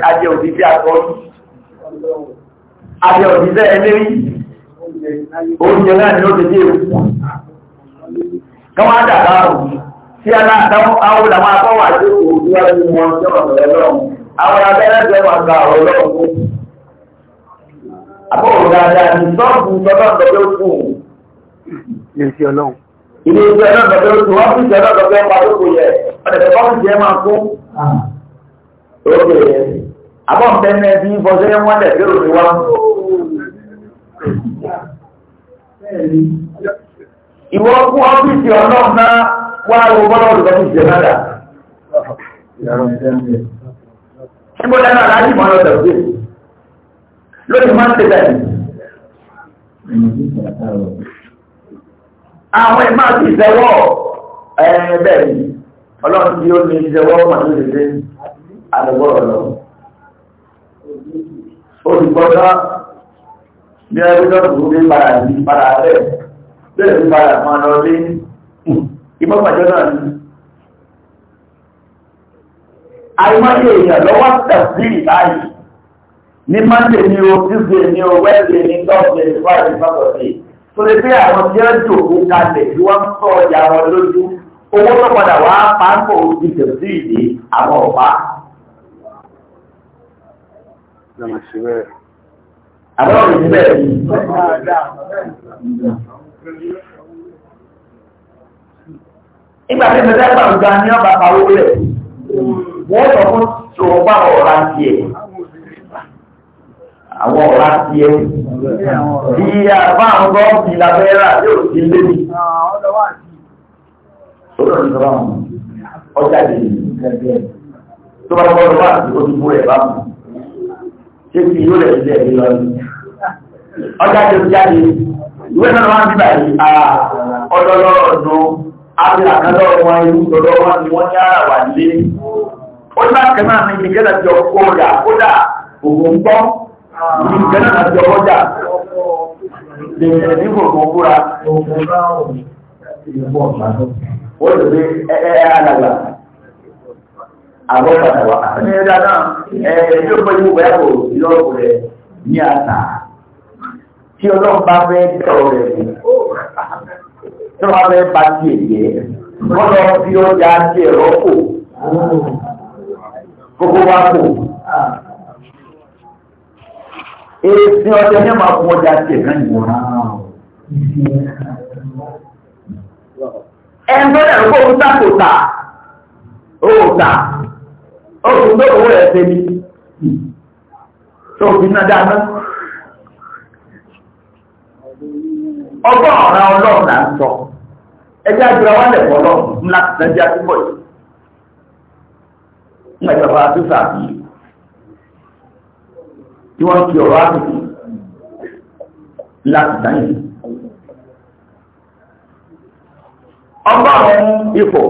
ajẹ́ òṣìṣẹ́ akọ́rí ajẹ́ òṣìṣẹ́ ẹlẹ́rí oúnjẹ náà ni ó ti dé èkú káwọn àdàbà ọ̀hún tí aláàtàwọn àwọn làwọn akọ́wà tó kò ojú wa ní wọn tí wọn bẹ̀rẹ̀ lọ́wọ́ àwọn abẹ́rẹ́ bẹ̀rẹ̀ wọn gba ọ̀rọ̀ lọ́wọ́ àbọ̀ òun dáadáa ní sọ́ọ̀bù tọ́lọ́ lè ṣe ọlọ́run. ilé iṣẹ́ ọlọ́dọ̀dọ̀ tó wọ́n fi ṣe ọlọ́dọ̀dọ̀ pa lóko yẹ ọ̀dẹ̀dẹ̀ bọ́ọ̀sì ẹ máa fún. lókè abọ́ ń bẹ́ẹ̀ mẹ́ẹ̀ẹ́dì bọ́sẹ̀ wọ́n lẹ̀ fẹ́ràn mi wá. ìwọ fún ọ́fíìsì ọlọ́run náà wá wo bọ́lá olùkọ́ fi ṣe náà àwọn ẹ̀ máa ti ìṣẹ́wọ́ ẹ̀ bẹ́ẹ̀ ni ọlọ́run tí ó ní ìṣẹ́wọ́ màá ní ìṣẹ́ àdúgbọ́rọ̀ lọ. olùgbọ́dá ní ẹgbẹ́ tó ní padà ní padà rẹ̀ bẹ́ẹ̀ ní padà máa lọ sí ìmọ̀pàjọ́ náà ni. àìmọye èèyàn lọ́wọ́ tẹ̀sí ìbáyìí ní mọ́ndé ni o tíṣe ni o wẹ́ẹ̀dẹ̀ ni tọ́sídẹ̀ẹ́ ní fáìlì fásọ̀tì torí pé àwọn tí ó jòkó kalẹ̀ tí wọ́n ń sọ ọjà wọn lójú owó tó padà wá pápó ìjọ sí ìdí àwọn ọ̀pá. Àwọn òṣìṣẹ́ bẹ́ẹ̀ ni. Ìgbà tí ìfẹ́sẹ̀ gbàgbà ní ọba pawó rẹ̀, wọ́n sọ fún ṣòwò bá ọ̀rá tiẹ̀ àwọn ọ̀rá ti ẹ́ bí àbá àwọn gọ́ọ̀sì labẹ́rà yóò ti lé mi sọ́dọ̀ ní sọ́dọ̀ mọ̀ ọjà lèyìn tó bá gbọ́dọ̀ wà sí ojúbú rẹ̀ bá mọ̀ ṣé kí yóò rẹ̀ sílẹ̀ ní lọ ní ọjà tó jáde ìwé náà wá ń bíbà yìí ara ọlọ́lọ́rọ̀ ọdún abẹ́ àkálọ́rọ̀ wọn irú lọ́dọ̀ wọn ni wọ́n ní ara wà lé ó ní àkẹ́mọ́ àmì ìgbẹ́lẹ̀ tí ọkọ̀ rà kódà òun gbọ́ ìgbẹ́nà àti ọwọ́jà lèèrè ní gbogbo búra wọ́n lè pé ẹ̀ẹ́ alàgbà àwọn pàtàwà ní ẹ̀dá náà ẹ̀ẹ́ tí ó pẹ́ ìwé ẹ̀kọ́ ìlọ́pù rẹ̀ ní àtà tí ọlọ́run bá fẹ́ bẹ̀rọ rẹ̀ tí wọ́n fẹ́ bá ti èyẹ wọ́n lọ èsì ọjọ́ ní ọmọ fún ọjà tí ẹ̀kan ìwò ẹgbẹ́rẹ̀ ọgbọ́ òkúta kò tà òòtà òòtà owó rẹ̀ ṣe ní tó fi náà dáná ọgbọ́ ọ̀rá ọlọ́run là ń sọ ẹjẹ́ àjọ wọn lẹ̀ pọ̀ lọ́run ńlá ti sẹ́jẹ́ àtúbọ̀ yìí ń gbàgbà àtúnṣà yìí tí wọ́n fi ọ̀rọ̀ àbùkù láti dáyìn. ọgbà àwọn ipò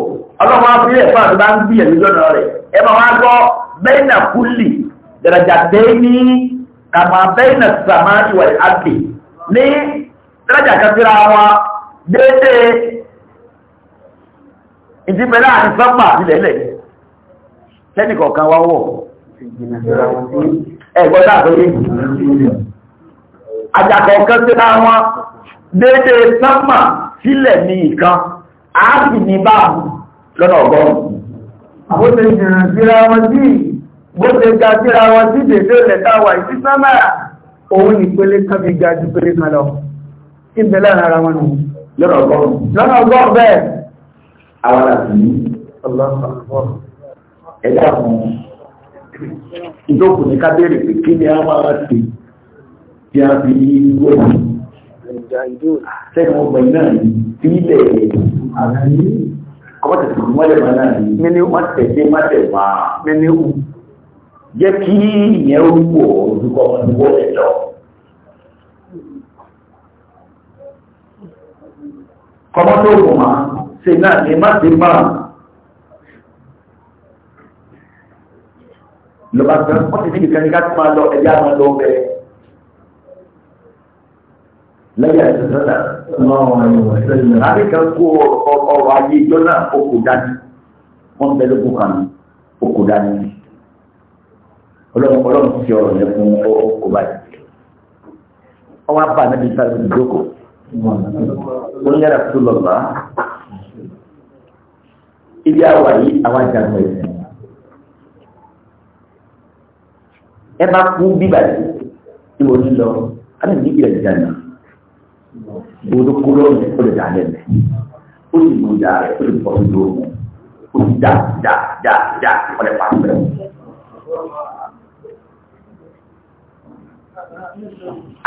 ọlọ́wọ́ abúlé ẹ̀fọ́ àti bá ń bí ẹ̀mí lọ́nà rẹ̀ ẹ máa wá gbọ́ bẹ́ẹ̀nà kúlì dàrájà bẹ́ẹ̀ ní kàmá bẹ́ẹ̀nà sàmá ìwà àgbè ní dàrájà kẹfìrà wọn déédéé ìdíbẹ̀lá àti sọ́pà ìlẹ̀lẹ̀ lẹ́nìkọ̀ọ̀kan wá wọ̀ ẹ̀gbọ́n dàbí àjàkọ̀ kan sí láwọn déédéé sánmà sílẹ̀ ní ìkan áàbì ní báàbù lọ́nà ọgọ́rùn-ún. Àwọn ti jìnnà síra wọn sí bó ṣe ga síra wọn sí déédéé lẹ́ta wà sí sánmà òun ìpele kan fi ga ju pele kan lọ. Ibẹ̀ láàrin ara wọn nù. Lọ́nà ọgọ́rùn-ún. Lọ́nà ọgọ́rùn-ún bẹ́ẹ̀. Àwọn àti ní. Ẹ̀dá fún ìjókòó ní ká béèrè pé kí ni a máa ṣe tí a fi wọ́ sẹ́yìn ọgbọ̀n náà ní ilẹ̀ kọ́mọ̀tẹ̀sì mọ́lẹ̀mọ́ náà ní mẹ́ni mọ́tẹ̀dé mọ́tẹ̀wà mẹ́ni ó jẹ́ kí ìyẹn ó náà ní lọ́ba gbẹ wọ́n ti níbi kẹ́ni ká ti máa lọ ẹ̀yà máa lọ bẹ́ẹ̀. lẹ́yìn àti sọ́dà láti kan kó ọrọ̀ ayé ìjọ náà okò dání wọ́n bẹ lóko kan okò dání ọlọ́run ọlọ́run ti ọ̀rọ̀ yẹn fún okò báyìí. wọ́n wá bá anábì sáré ìdókò wọ́n yára tó lọ́ba ibi àwa yìí àwa jagun ẹ bá kú bíbà tí mo ní lọ alẹ́ ní ìrẹ̀ ìjànà olókòló rẹ̀ ó lè dà lẹ́lẹ̀ ó sì mú ìyá rẹ̀ ó lè bọ́ sí lóòmù ó sì dá dá dá dá ọ̀rẹ́ pàṣẹ.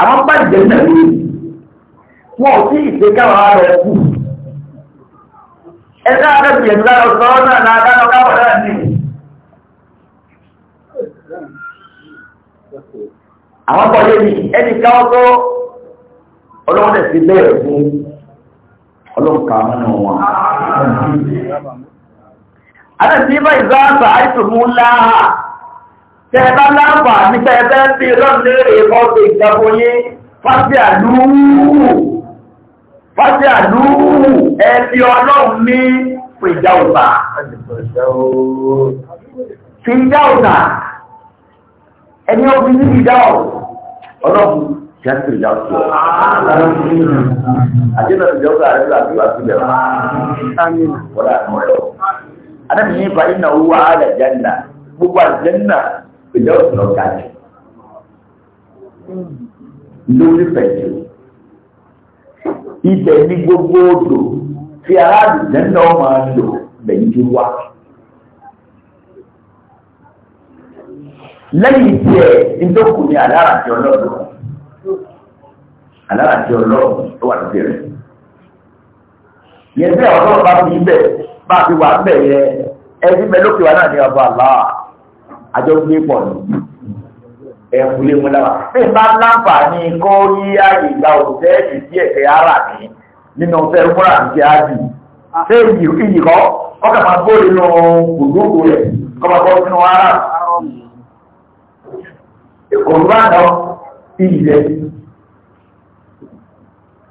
àwọn bá ìjẹ́ náà lórí wọn ò sí ìgbé káwọn ará ẹ̀ kú ẹ̀ka arẹ́bìnrin lára ọ̀sán náà náà dáná káwọn náà nìyí. àwọn akọ́lé ni ẹni káwọ́ tó ọlọ́run lè fi bẹ́ẹ̀ fún ọlọ́run kà nínú wọn. Adẹ́sí bá ìzá àṣà àìsùnmú ńlá tẹ bá láǹfà nípa ẹgbẹ́ ń bí lọ́nà lérè ọ̀sẹ̀ ìjàpọ̀ yé fásí àlúù fásí àlúù ẹbí ọlọ́run ní fìjà òsà. Fìjà òsà ẹni ọkùnrin ní ìdáwọ̀ ọlọ́run ti á ti rí dáwọ̀ sí ọ. àdínà ìjọba ààrẹ ló àti wàásù bẹ̀rẹ̀ wọ́n láti mọ̀ ẹ̀rọ. adámi ní ipa iná owó ààrẹ jẹ́nà gbogbo àjẹ́nà ìjọba ìlọ ga jù. lórí pẹ̀lú ibẹ̀ ní gbogbo odò tí aráàlú jẹ́nà ọmọ lò lẹ́yìn tó wá. lẹ́yìn tí ẹ ìdókòó ní aláràjẹ ọlọ́run aláràjẹ ọlọ́run tó wà lókè rẹ̀ yẹn bẹ́ẹ̀ ọlọ́run bá fi bẹ̀ bá fi wà bẹ̀ yẹ ẹbí bẹ lókè wa náà ní ọba àlá àjọ gbé pọ̀ ní bá láǹfààní kó ara mi nínú àti ṣé ìyìkọ́ ọkà máa nínú gbogbo rẹ̀ kọ́ máa gbọ́ ara ìkọ̀ọ̀bánà ilẹ̀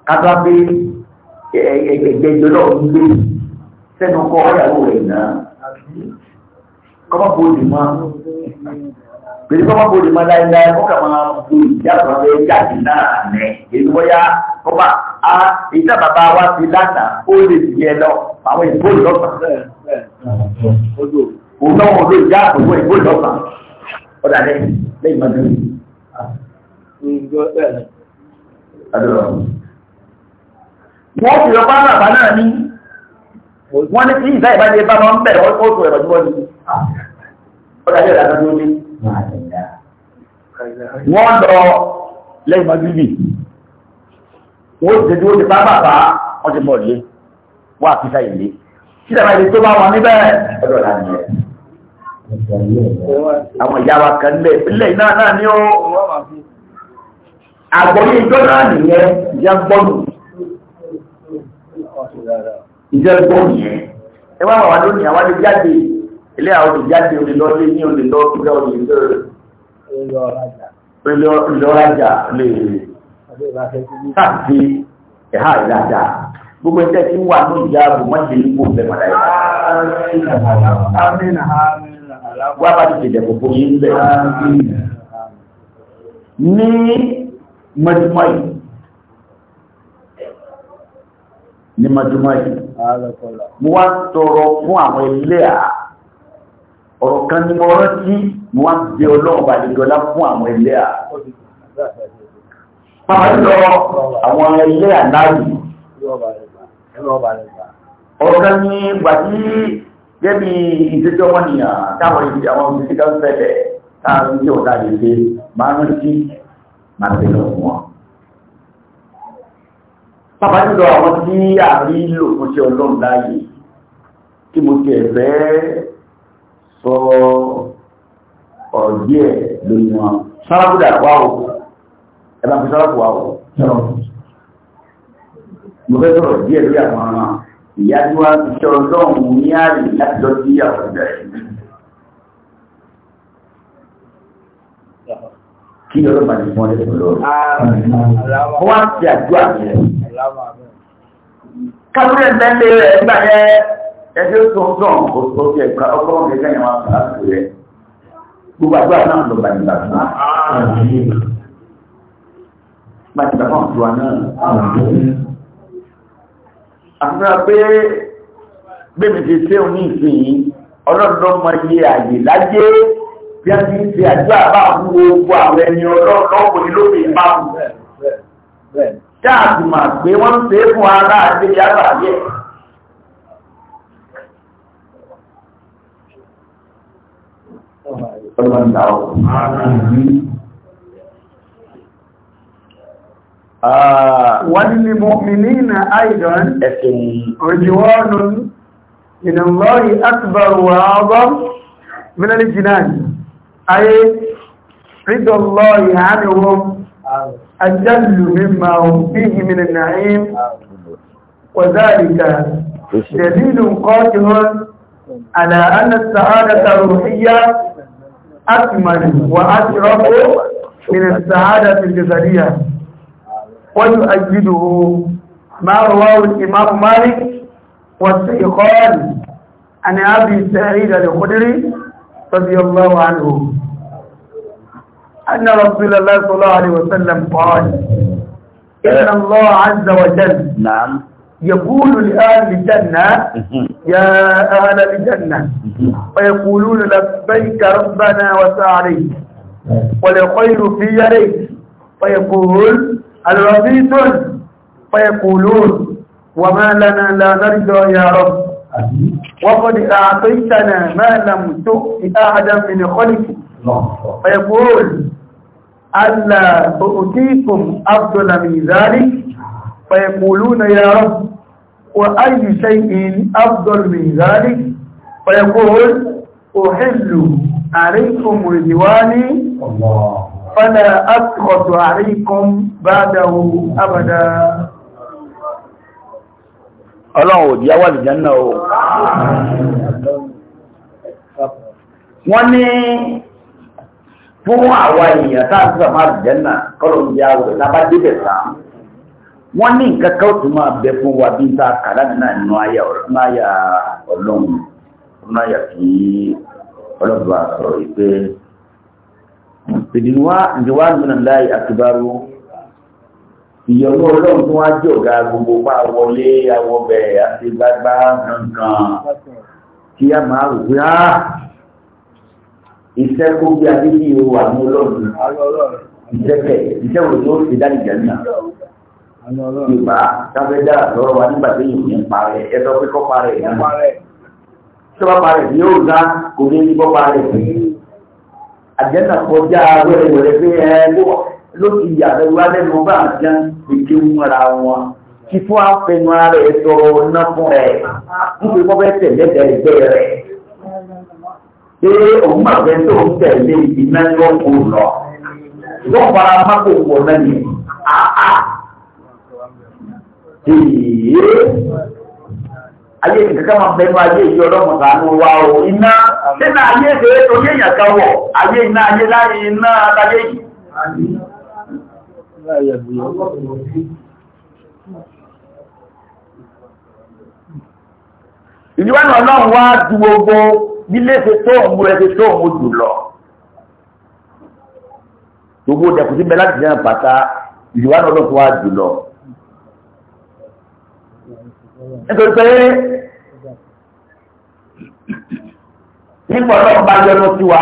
kátó pé ẹgbẹ̀gbẹ̀ ìjọlọ́ gbé sẹ́nu kọ́ ọ̀yàwó rẹ̀ náà kọ́mọ́bòdì máa pẹ̀lú kọ́mọ́bòdì máa láìláì ó kà máa bu ìjáàbọ̀ rẹ̀ jáde náà nẹ̀ èyí wọ́yá kọ́mà á ìjà bàbá wa ti lánà ó lè fi ẹ lọ àwọn ìbò ìlọ́pàá òun ọ̀dà rẹ̀ lẹ́yìn máa dúró. wọ́n ti lọ bá náà ní wọ́n ní kí ìdá ìbáde bá máa ń bẹ̀rẹ̀ ó tó ẹ̀rọ jùlọ ní ọ̀dà rẹ̀ tó ní. wọ́n lọ lẹ́yìn máa wọ́n ti dúró ti bá bàbá wọ́n ti wọ́n àfihàn ìlé. síta máa tó bá wọn níbẹ̀ ọ̀dọ̀ lànà àwọn ìyá wa kan lẹ̀ ilẹ̀ iná náà ni ó àgbọ̀yé ìjọ náà nìyẹn ìyá gbọ́nù ìjẹ́ gbọ́nù yẹn ẹ wá wà wá lónìí àwọn ilé jáde ilé àwọn olè jáde olè lọ lé ní olè lọ olè olè lọ olè olè ọ̀rajà lè káàkiri ẹ̀há ìlàjà gbogbo ẹ̀jẹ̀ tí ń wà ní ìyá àbò mọ́ṣẹ́ ní kò fẹ́ mọ́ra ẹ̀ wá bá ti ṣèdẹ̀kọ̀ fún yín bẹ́ẹ̀. ní mọ́júmọ́ yìí ní mọ́júmọ́ yìí mo wá tọrọ fún àwọn ilé à ọ̀rọ̀ kan ní mo rántí mo wá gbé ọlọ́run balẹ̀gọ́lá fún àwọn ilé à pàápàá lọ àwọn ilé à náà yìí ọ̀rọ̀ kan ní gbàtí gẹ́bí ìdíjọ́ wọn ni, táwọn ìdí àwọn òṣìṣẹ́ kan fẹ́lẹ̀ táàrin tí ó dáre pé máa ń rí máa tẹ̀lé fún wọn. Pàpá jùlọ àwọn tí àrí lò fún ṣe ọlọ́run láàyè tí mo ti ẹ̀fẹ́ sọ ọ̀rọ̀ díẹ̀ lórí wọn. Sárábùdà wà ẹ̀bá fi sárábù wà ó, Mo fẹ́ sọ̀rọ̀ díẹ̀ lórí àwọn ọmọ ìyá tí wọ́n ti ṣe ọlọ́run ní ààrẹ láti lọ sí ìyàwó rẹ̀. kí lọ́rọ̀ máa ti fún ọ lẹ́sùn lọ́rọ̀. kó wá sí àdúrà rẹ̀. kábíyèsí mẹ́lẹ̀ rẹ̀ nígbà yẹn ẹgbẹ́ tó ń tọ̀ ọ̀pọ̀ ẹ̀ka ọgbọ́n kẹ̀kẹ́ yẹn máa fà á sí rẹ̀. gbogbo àdúrà náà lọ bàjẹ́ bàjẹ́. bàjẹ́ bàjẹ́ fún àdúrà náà àmúra pé bẹ́ẹ̀ni ti ṣe òní ìsìn ọlọ́dọ́ mọ iye àyè lájé bí a ti ń ṣe àjọ àbá fún gbogbo àwọn ẹni ọlọ́pọ̀ ní lóbi ìbámu dáàbò mà pé wọ́n ń ṣe é fún ara àti yàrá yẹ. Ọlọ́run náà. آه. وللمؤمنين أيضا رجوان من الله أكبر وأعظم من الجنان أي رضا الله عنهم أجل مما هم فيه من النعيم وذلك دليل قاطع على أن السعادة الروحية أكمل وأشرف من السعادة الجسدية ويؤيده ما رواه الإمام مالك والشيخان عن أبي سعيد الخدري رضي الله عنه أن رسول الله صلى الله عليه وسلم قال إن الله عز وجل نعم يقول لأهل الجنة يا أهل الجنة ويقولون لبيك ربنا وسعديك ولخير في يديك فيقول الرضيتون فيقولون وما لنا لا نرضى يا رب وقد أعطيتنا ما لم تؤت أحدا من خلقك فيقول ألا أؤتيكم أفضل من ذلك فيقولون يا رب وأي شيء أفضل من ذلك فيقول أحل عليكم رضواني الله فلا أسخط عليكم بعده أبدا ọlọ́run òdí àwọn ìjẹ́nà o wọ́n ní fún àwọn èèyàn táà sí ọmọ àjẹ́nà kọ́lọ̀ ń yá rẹ̀ lábájẹ́bẹ̀ sáà wọ́n ní nǹkan kan máa bẹ fún wa bí ta kàdá nínú ìnú ọlọ́run ọlọ́run bá sọ̀rọ̀ yìí ìdíwáàlù náà láì àtibárò ìyọ̀nù ọlọ́run tó wá jẹ́ ọ̀gá gbogbo pa wọlé awọ́bẹ̀ àti gbágbá nǹkan kí a máa rò pé á iṣẹ́ kó bí adé bí o wà ní ọlọ́run ìṣẹ́kẹ̀ iṣẹ́ wo ni ó fi dá nìjẹ́ náà ìgbà tábẹ́ dára lọ́rọ̀ wa nígbà tí yìí ń parẹ́ ẹ pé kọ́ parẹ́ náà tí wọ́n parẹ́ yóò dá kò ní bọ́ parẹ́ yìí àjẹ́nà kọjá wẹ́rẹ̀wẹ̀rẹ̀ pé ẹ ló ti yà lẹ́wọ́ lẹ́nu bá àjẹ́ ìké múra wọn kí fún àfẹnu ara ẹ̀ sọ ọ̀nà fún ẹ̀ nítorí wọ́n fẹ́ tẹ̀lé ẹ̀gbẹ́ rẹ̀ pé òun máa fẹ́ tó ń tẹ̀lé ibi náà lọ́kù lọ lọ́n fara mákò wọ̀ náà ni ayé ìkẹ́kẹ́ máa bẹnu ayé ìyí ọlọ́run sàánú wa o iná nínú ayé ìfẹ́ orí èèyàn kan wọ̀ ayé iná ayé láyé iná adáyé yìí ìdíwọ́n ọlọ́run wá ju gbogbo nílé ṣe tó òun rẹ̀ ṣe tó òun jù lọ gbogbo dẹ̀kùn sí láti jẹ́ pàtà ìdíwọ́n ọlọ́run wá jù lọ nítorí pé nípa ọlọ́run bá yọnu sí wa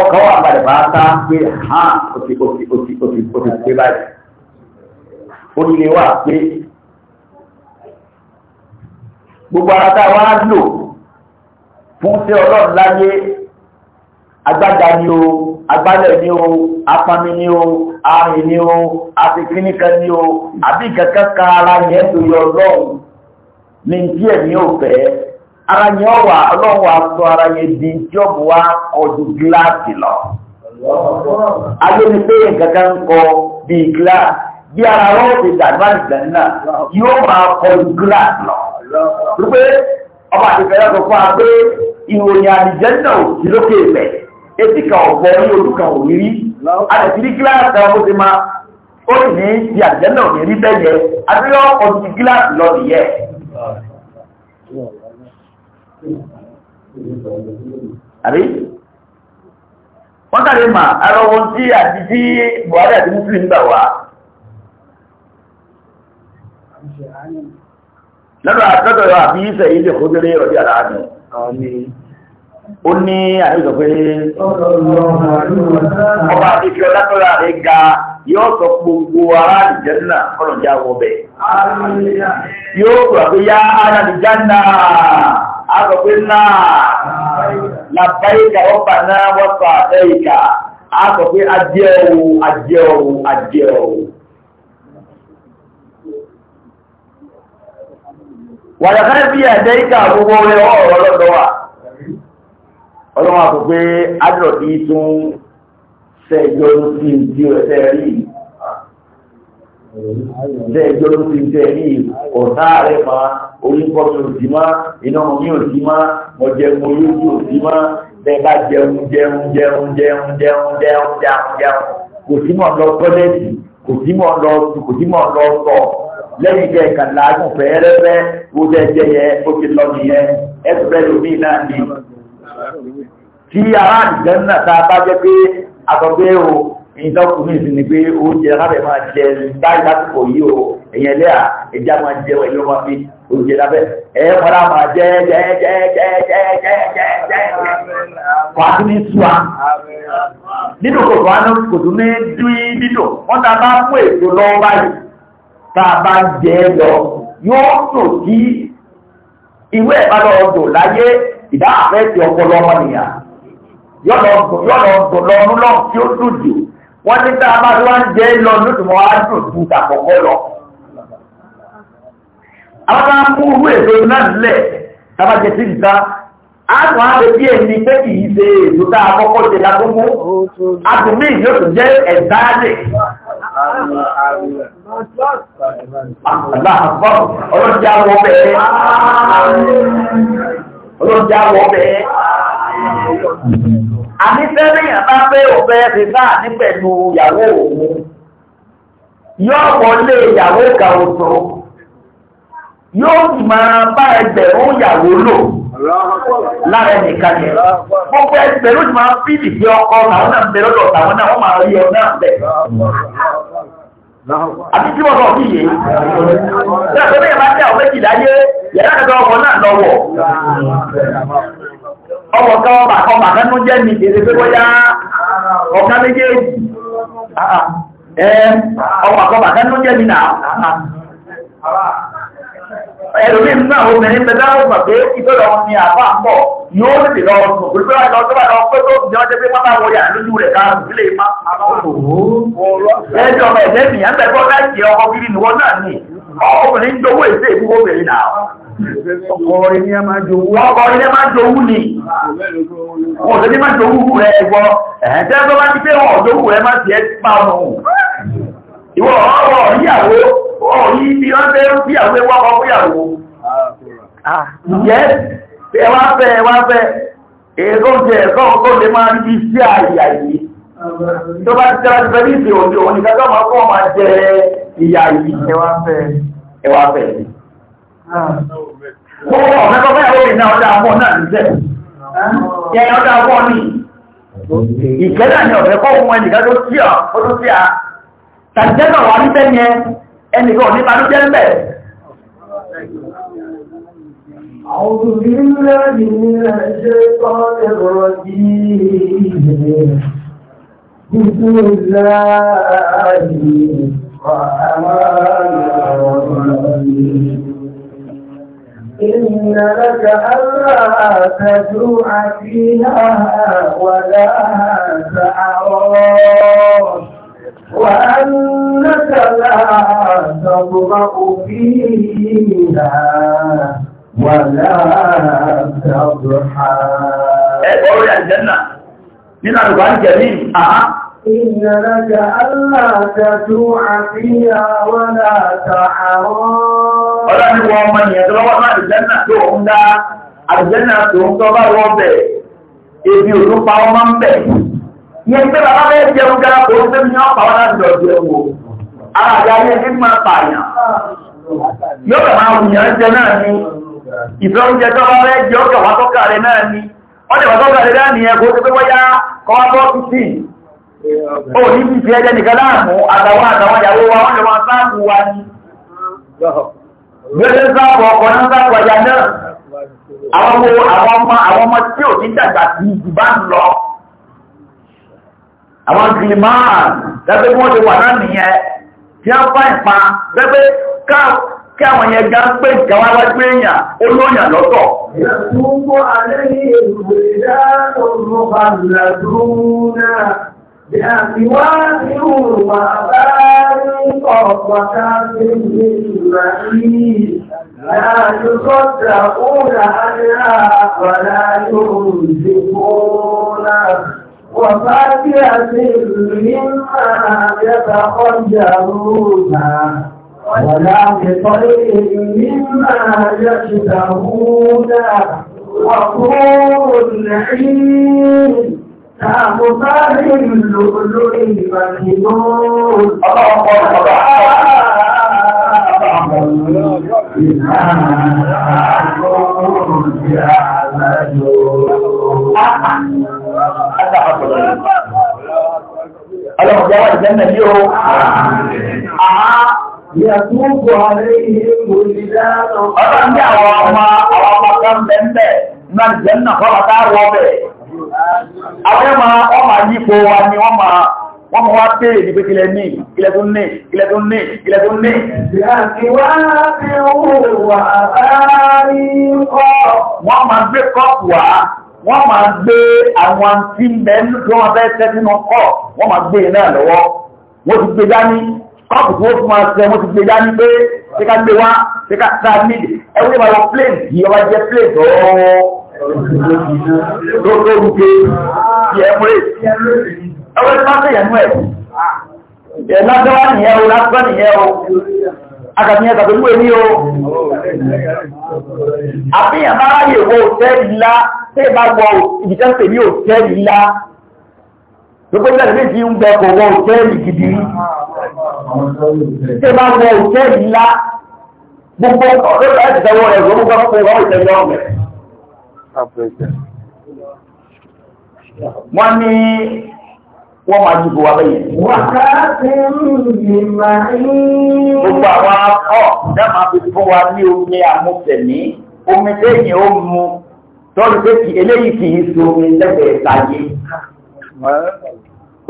ọkọ̀ wà balẹ̀ bá sá pé hàn òtí òtí òtí òtí òtí pé báyìí onílé wà pé gbogbo ara tá wá lò fún sí ọlọ́run láyé agbádá ni o agbálẹ̀ ni o apami ni o arìn ni o afikíníkan ni o àbí kankan ka ara yẹn tó yọ ọlọ́run ní díẹ̀ ní òfẹ́ ara yẹn wà ọlọ́run wa sọ ara yẹn di jọ́bù wa kọjú gíláàsì lọ. Adéni pé nǹkankan ń kọ bíi gíláàsì bí ara wọn ti dàgbà ìgbàlẹ́ yóò máa kọjú gíláàsì lọ. Rúgbé ọba àti ìfẹ́ yàtọ̀ fún wa pé ìròyìn àdìjẹ́ náà ò lókè ìfẹ́ etí kan ọ̀pọ̀ ní ojú kan ò rí adẹ̀sírí gíláàsì kan ó ti máa ó sì ní ti àjẹ́ náà ní rí bẹ́yẹ adúlọ́ ọdún gíláàsì lọ nìyẹn. àbí wọ́n kàrí mà ara ohun tí àti tí Buhari àti Muslim gbà wá lọ́dọ̀ àtọ́dọ̀ àbí ìṣẹ̀yí lè kó délé ọdí àlàáfíà ó ní àríwọ̀ pé ọba àbífi ọlákọ́lá rẹ̀ ga yóò sọ gbogbo ará àlìjẹ́nà ọlọ́jà wọ̀bẹ̀ yóò gbà pé yá ará àlìjẹ́nà àgbà pé náà làbáyíkà ọba náà wọ́sọ àtẹ́yíkà àgbà pé ajẹ́ o ajẹ́ wàlàkà bí àtẹ́yíkà gbogbo ọ̀rọ̀ lọ́dọ̀ wa ọlọ́wọ́n àpò pé ádùrọ̀dì tún sẹ́jọ́ ló ti ń di ọ̀sẹ̀ rí sẹ́jọ́ ló ti ń tẹ̀ rí ọ̀tá rẹ̀ máa orúkọ mi ò sí má iná mi ò sí má mo jẹun olójú ò sí má bẹ́ẹ̀ bá jẹun jẹun jẹun jẹun jẹun jẹun jẹun jẹun kò sí mọ̀ lọ tọ́lẹ́tì kò sí mọ̀ lọ kò sí mọ̀ lọ sọ lẹ́yìn jẹ́ ìkànnì àgùnfẹ́ rẹ́rẹ́ wo jẹ́ jẹ́ yẹ ó ti lọ nìyẹn ẹ tí ará àdìjẹ́ náà tá a bá jẹ́ pé àtọ́gbé o èyí tó kù ní ìsinmi pé oúnjẹ lábẹ́ máa jẹ báyìí lásìkò yìí o èyàn lẹ́à ẹja máa jẹ wẹ̀ ló máa fi oúnjẹ lábẹ́ ẹ fọlá máa jẹ jẹ jẹ jẹ jẹ jẹ jẹ jẹ fàájú ní súwa nínú kòtò àná a bá mú èso lọ báyìí tá a bá jẹ lọ yóò tò kí ìwé ìdá àfẹ́ẹ̀tì ọpọlọ ọmọnìyàn yọ̀nà ọ̀dùn lọ́nu lọ́n tí ó dùn jù wọ́n ní tá a bá wá ń jẹ́ lọ lóṣùmọ̀ á dùn ju tàkọ́kọ́ lọ. àwọn bá mú irú èso náà nílẹ̀ tábà jẹ sí ìta a tún á fi díẹ̀ ní pé kì í ṣe èso tá a kọ́kọ́ ṣe la tó mú a mí yóò tún jẹ́ ẹ̀dá lè. Àgbà ọlọ́jà wọ bẹ́ẹ̀ olóòjì àwọ̀ bẹ́ẹ̀. àmì fẹ́rẹ̀yàn bá fẹ́ òfẹ́ fífà ní pẹ̀lú ìyàwó òun yóò wọlé ìyàwó kan oṣù yóò máa bá ẹgbẹ̀rún ìyàwó lò lára ẹnìkan yẹn gbogbo ẹgbẹ̀rún ti máa fíìlì sí ọkọ àwọn náà ń bẹ lọ́dọ̀ tàwọn náà wọ́n máa rí ọ náà bẹ̀ àti tí wọ́n sọ fún yìí yàrá tó bẹ́ẹ̀ máa ń tẹ àwọn láyé yàrá kẹta ọmọ náà lọ́wọ́ ọmọ kan ọmọ àkọmọ àkánú jẹ́ ní èrè pé wọ́n ọ̀ká méjèèjì ọmọ àkọmọ jẹ́ ní náà ẹlòmíì nínú àwọn obìnrin bẹ dáwọ́ mọ̀ pé ìtọ́jọ́ wọn ni àbá ń bọ̀ yóò tètè lọ sùn pé bá lọ tó bá lọ pé tó ti jọ́ jẹ́ pé má bá wọ yàrá lójú rẹ̀ ká sùn sílé má. ẹjọ́ ọmọ ẹ̀jẹ̀ nìyẹn bẹ bọ́ láti ọkọ̀ gidi nìwọ náà nì ọkùnrin jowó èsè ìbúwó bẹ̀rẹ̀ náà. ọkọ̀ rẹ̀ ni a máa jowú. ọkọ̀ rẹ̀ ni a máa jowú ni. òṣèlú máa jowú rẹ̀ gbọ́ ẹ̀ẹ́dẹ́gbẹ́ bá ti pé wọn ò jowú rẹ̀ má ti ẹ́ ìwọ ọ̀rọ̀ ìyàwó ọ̀rí ibi ọ́nẹ́ ìyàwó ẹwà ọkọ̀ ìyàwó jẹ́ ẹwà fẹ́ ẹwà fẹ́ ẹ̀kọ́ jẹ́ ẹ̀kọ́ ọkọ̀ lè máa rí iṣẹ́ àyà yìí tó bá ti tẹ́lá ti fẹ́ ní ìfẹ́ òní òní kájọ́ máa kọ́ máa jẹ ìyà yìí ẹwà fẹ́ ẹwà fẹ́ Gbogbo ọ̀mẹ́kọ́ fẹ́ ìwé ìná ọjà àpọ̀ náà ní jẹ́. Yẹ ọjà àpọ̀ ní. Ìkẹ́lẹ̀ ni ọ̀fẹ́ kọ́ ohun ẹnìkan tó sí ọ̀ tàbíjẹ́nà wà ní bẹ́yẹ ẹnìyàn ò ní bá ló jẹ́ ń bẹ̀. Àwọn ìrìnlẹ̀ ìrìnlẹ̀ ṣe tọ́ ẹ̀rọ yìí. بسم الله الرحمن الرحيم إن لك ألا تجوع فيها ولا تعرى وأنك لا تضرأ فيها ولا تضحى أقول يا الجنة من أربعين جميل أه إن لك ألا تجوع فيها ولا تحرى ولا نقوم من يدرون الجنة تؤمنا الجنة تؤمنا ربي إذ يرفع من بيت yẹn pé bàbá bẹ́ẹ̀ jẹun gara kò ń tẹ́mi yàn pàwọn láti lọ jẹun o ara àgbà yẹn ní máa pààyàn yóò kà máa wùyàn jẹ náà ni ìfẹ́ oúnjẹ tó bá bẹ́ẹ̀ jẹ ó kà wá tọ́ka rẹ̀ náà ni wọ́n lè wá tọ́ka rẹ̀ náà nìyẹn kò ó ti pé wọ́yá kọ́ wá bọ́ títì ó ní bí ìfẹ́ ẹjẹ́ nìkan láàmú àtàwọn àtàwọn ìyàwó wa wọ́n lè wá sáàkù wa ni gbẹ́lẹ́ sáàkù ọkọ̀ náà sáàkù ọjà náà àwọn ọmọ àwọn ọmọ tí ò ní dàgbà sí ìdìbà ń lọ àwọn gilimáà gẹ́gẹ́ bí wọ́n ti wà náà nìyẹn tí a fà ìpa gẹ́gẹ́ kí àwọn yẹn gá ń pè nǹkan wá wájú èèyàn olóyàn lọ́tọ̀. ìyàtúkọ́ alẹ́ ní èrò ìdá ọ̀rọ̀ bàbá lọ́dúnrún náà a ti wá sí láàrín sọ́jà òun وفاكهة مما يتخيرون ولا بطير مما يشتهون وكل حين كمطر اللؤلؤ مكنون بما آه. يعملون àpọ̀lọ̀ yìí. Ọlọ́pàá wà ìjẹ́ mẹ́lí o. Yàtúkọ̀ àrẹ ìlú ìlànà. Ọlọ́pàá ń jẹ́ àwọn ọmọ àwọn ọmọ kan bẹ́ẹ̀ náà jẹ́ náà kọ́lá tá wọ́ bẹ̀. Àwọn ọmọ ọmọ yípo ní pé kílẹ̀ ní kílẹ̀ tó ní kílẹ̀ tó ní kílẹ̀ tó ní. Wọ́n máa gbé kọ́ọ̀pù wá wọ́n máa gbé àwọn tí ń bẹ tí wọ́n fẹ́ tẹ́ sínú kọ́ wọ́n máa gbé náà lọ́wọ́ wọ́n ti gbé dání kọ́ọ̀pù tí wọ́n fún máa tẹ wọ́n ti gbé dání pé ṣé ká gbé wá ṣé ká ká nídìí ẹwọ́n yóò máa lọ plane yìí ọba jẹ́ plane tó lórúkẹ ti ẹmúrẹ́ ẹwọ́n ti máa tẹ̀yẹ̀ nú ẹ̀ ẹ̀ lásánwá nìyẹn o lásán nìyẹn o akàtúnyẹ tàbí wúwo ní o àfihàn máa yẹ̀ wò tẹ́ ìlà tí ìbá wọ ìjìká pè ní òtẹ́ẹ̀lì ńlá gbogbo ìgbà tí ti ń bẹ kò wọ òtẹ́ẹ̀lì gidi tí ìbá wọ òtẹ́ẹ̀lì ńlá gbogbo ọ̀rẹ́ rẹ̀ ti tẹ́wọ́ rẹ̀ gbogbo ọ̀pọ̀ ìwọ̀n ìtẹ́lẹ̀ ọ̀mẹ̀ wọ́n ní wọ́n máa jù wà bẹ́yẹn. Wàkàtí ìgbìmọ̀ yìí. Gbogbo àwọn akọ̀ dá máa fi fún wa ní omi àmúfẹ̀mí, omi lẹ́yìn ó mu tọ́lù pé kì eléyìí kì í so omi lẹ́gbẹ̀ẹ́ sáyé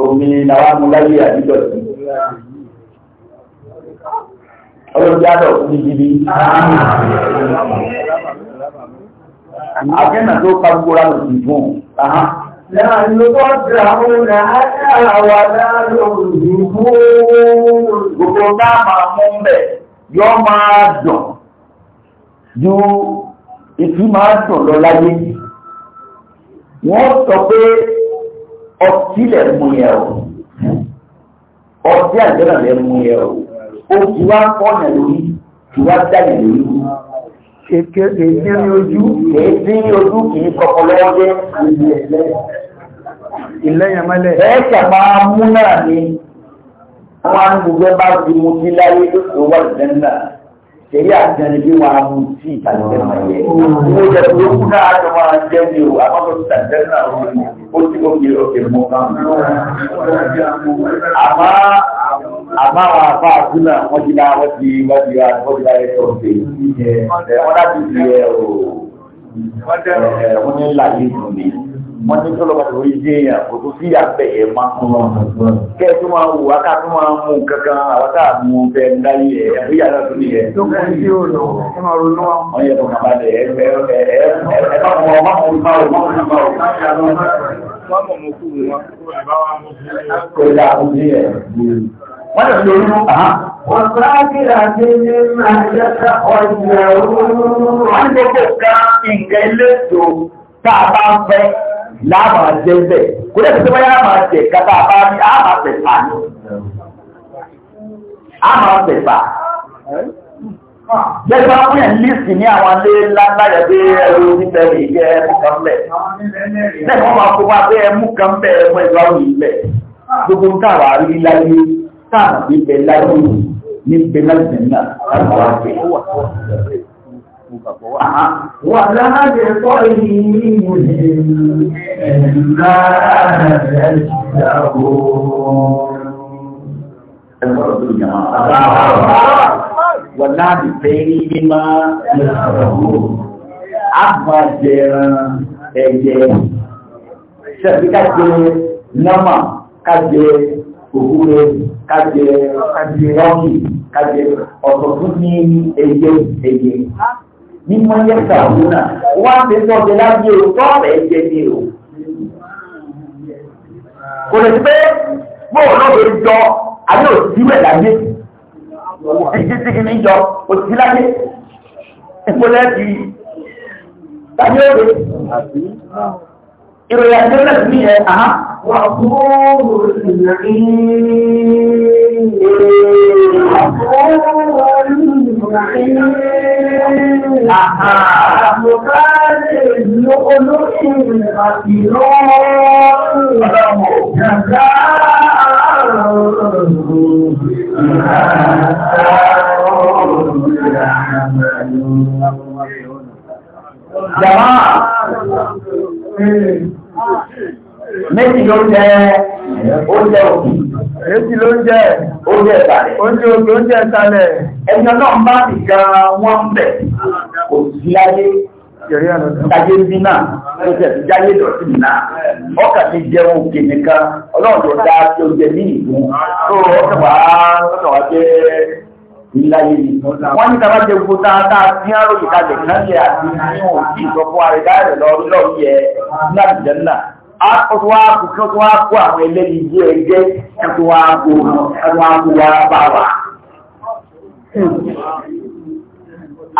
omi làwọn amúláyé àdúgbò sí ọlọ́dún yàtọ̀ fún mi jíbi akẹ́nà tó ká gbogbo rà lòdì fún Láàrín lọ́pọ̀ ìdàmúnà àtàwà láàrín Gbogbo náà máa mú mẹ́ yọ máa dùn ju ìtì máa dùn lọ láyé wọ́n sọ pé ọtí lẹ̀ mú yẹ o ọtí àjẹ́nà lẹ̀ mú yẹ o ó ti wá kọ́nà lórí ti wá dáyà lórí. Èké èdè ní ojú. Èdè ní ojú kì í kọ́kọ́ lọ́wọ́ Ẹ̀ẹ́kà máa mú náà ni wọ́n á ń gbogbo bá ti mú sí láyé tó wà lẹ́nu náà tẹ̀lé àjẹni bí wàá mú tí ìtàlẹ́ máa yẹ. Mo jẹ pé ó kú náà jọ máa jẹ́ mi o, àmọ́ tó tàjẹ́ náà ó ní ó tí ó fi òkè mọ́ kan. Àmọ́ àmọ́ àwọn afá àdúrà wọ́n ti dáa wọ́n ti wọ́n ti wọ́n ti dáa ẹ̀tọ́ ṣe. Wọ́n láti fi ẹ̀ o. Wọ́n ní láyé ìdùnnú wọ́n ní tọ́lọ́ bàtà orí dé yẹn kò tó sí àbẹ̀ yẹn má. kẹ́ ẹ tó máa wù aká tó máa mú kankan àwọn tá a mú fẹ́ ń dá yẹ ẹ̀fọ́ yàrá tó nìyẹn. tó kọ́ ní tí o lò ẹ máa ronú wa. wọ́n yẹ kó kàmá lẹ̀ ẹ̀ wọ́n bá kíra sí ní máa jẹ́ ká ọjà wọ́n ní gbogbo kan ìgbẹ́ lẹ́tọ̀ọ́ fẹ́ láàmà jẹ́ bẹ́ẹ̀ kò dẹ́ pẹ̀lú báyá máa jẹ kátà bá ní àmà pẹ̀fà ní àmà pẹ̀fà jẹ́gbà fún ẹ̀ lísì ní àwọn alé láláyà pé ẹ̀rọ nípa ẹ̀rọ ìgbẹ́ ẹ̀mú kan bẹ̀ lẹ́kọ̀ọ́ máa fún wa pé ẹ̀mú kan bẹ̀ ẹ̀mú ẹ̀rọ àwọn ìlẹ̀ gbogbo nǹkan wà rí láyé táà níbẹ̀ láyé níbẹ̀ láti náà ولا بطيب مما يشتهون ولا بطيب مما يشتهون أما جيران ẹ̀jẹ̀ ṣẹ̀fí kájẹ nọ́mà kájẹ òkúrẹ́ kájẹ ọ́kì kájẹ ọ̀tọ̀ fún ní ẹ̀jẹ̀ ẹ̀jẹ̀ mímọ́ yẹ́ kàwé náà wá ń tẹ́tọ́ ọ̀tẹ́ láyé o tọ́ ọ̀rẹ́ jẹ ní o. kò lè sí pé bóò náà lè jọ ayé òsìwẹ̀ láyé ìdíjìkì ní jọ òsì láyé ìpínlẹ̀ bíi tàbí òde ìròyìn àjẹ́lẹ̀ ní ẹ̀ àá wà fún Jama'a Méjì ló jẹ oúnjẹ òkú. Méjì ló jẹ oúnjẹ ìsàlẹ̀. Oúnjẹ òkú oúnjẹ ìsàlẹ̀. Ẹ̀yọ́ náà bá ti ga wọ́n bẹ̀. Kò sí láyé. Ìtàgé ń bí náà, jáyé náà. Ọkà ti Wọ́n ní tàbá jẹ gbogbo tààtà tí jẹ́ ẹgbẹ́ ẹ̀kọ́ wá kó bá wà.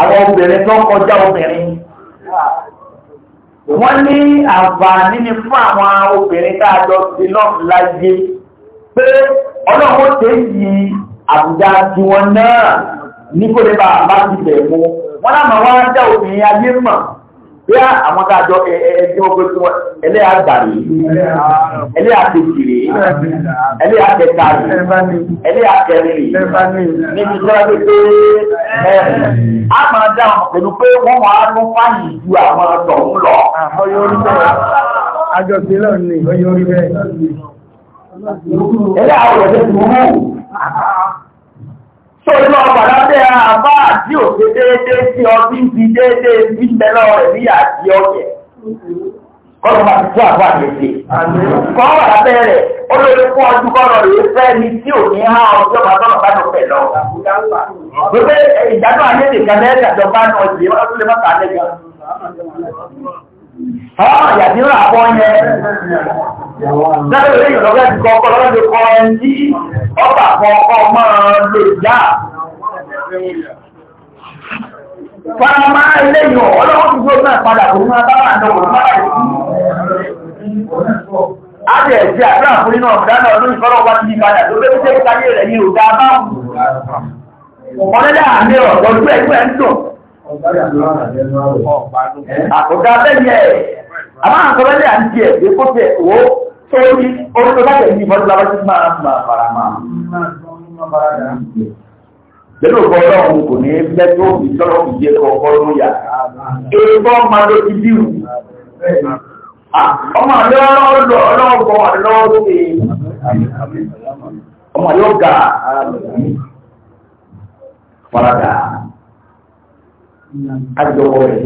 Àwọn obìnrin tó kọjá obìnrin. Wọ́n ní àǹfààní ni fún àwọn obìnrin tá sí lọ́ọ̀ pé ọlọ́run àbújá tí wọ́n náà ní kó lè bá bá ti bẹ̀ mú wọ́n náà máa wá dá obìnrin ayé mọ̀ bí àwọn kájọ ẹgbẹ́ ọgbẹ́ tí wọ́n ẹlẹ́yà gbàrí ẹlẹ́yà tètèrè ẹlẹ́yà tẹ̀kàrí ẹlẹ́yà tẹ̀rìrì níbi tí wọ́n gbé mẹ́rin a máa dá wọn pẹ̀lú pé wọ́n máa ń fàyè ju àwọn ọ̀tọ̀ ń lọ. àjọṣe lọ́nà ìfọyọ́ orí bẹ́ẹ̀. ẹlẹ́yà ọ̀rọ̀ ẹ̀jẹ̀ tí wọ́n mú. Sọ́jọ́ pàdádé àbá àti òṣè déédé déédé sí mẹ́lọ rẹ̀ ní àti Kọ́lọ̀ máa ti àbá àgbèsè. Kọ́ wà rẹ̀, ó lórí fún ọdún kọ́lọ̀ rẹ̀ fẹ́ ni tí ò ní há ọjọ́ bàbá bàbá tó fẹ̀ lọ. Ọ̀yà tí ó rà fọ́ yẹn. Dákẹ́lẹ̀ èèyàn lọ́gbẹ́ ti kọ́ ọkọ̀ lọ́wọ́ lè kọ́ ẹni tí ọba kan ọkọ̀ máa lè yá. Fáramá ilé yàn ọlọ́wọ́ ti gbó náà padà kò ní abá wà náà wòlú máa yìí. A jẹ́ ẹ̀jẹ̀ àdúrà fún nínú ọ̀dá náà lórí fọ́lọ́ wá sí padà ló bẹ́ẹ̀ tẹ́ káyé rẹ̀ yìí ò Ọ̀gá bẹ́yẹ àmá àkọlẹ́lẹ́ àti ẹ̀ kó tẹ̀ owó tó rí orí tó láti ẹ̀yìn ìbọn lábájú máa ń bá fara máa. Lẹ́nu ọ̀gọ́ ọlọ́run kò ní mẹ́tọ́ ìjọ́rọ̀ ìjẹ́ ọkọ̀ ló yà. Èèbọ́ máa ló ti dìrù. Ọmọ àlọ́ọ̀lọ́ ọlọ́ọ̀gbọ́n àlọ́ọ̀gbọ́n àjọwọ́ rẹ̀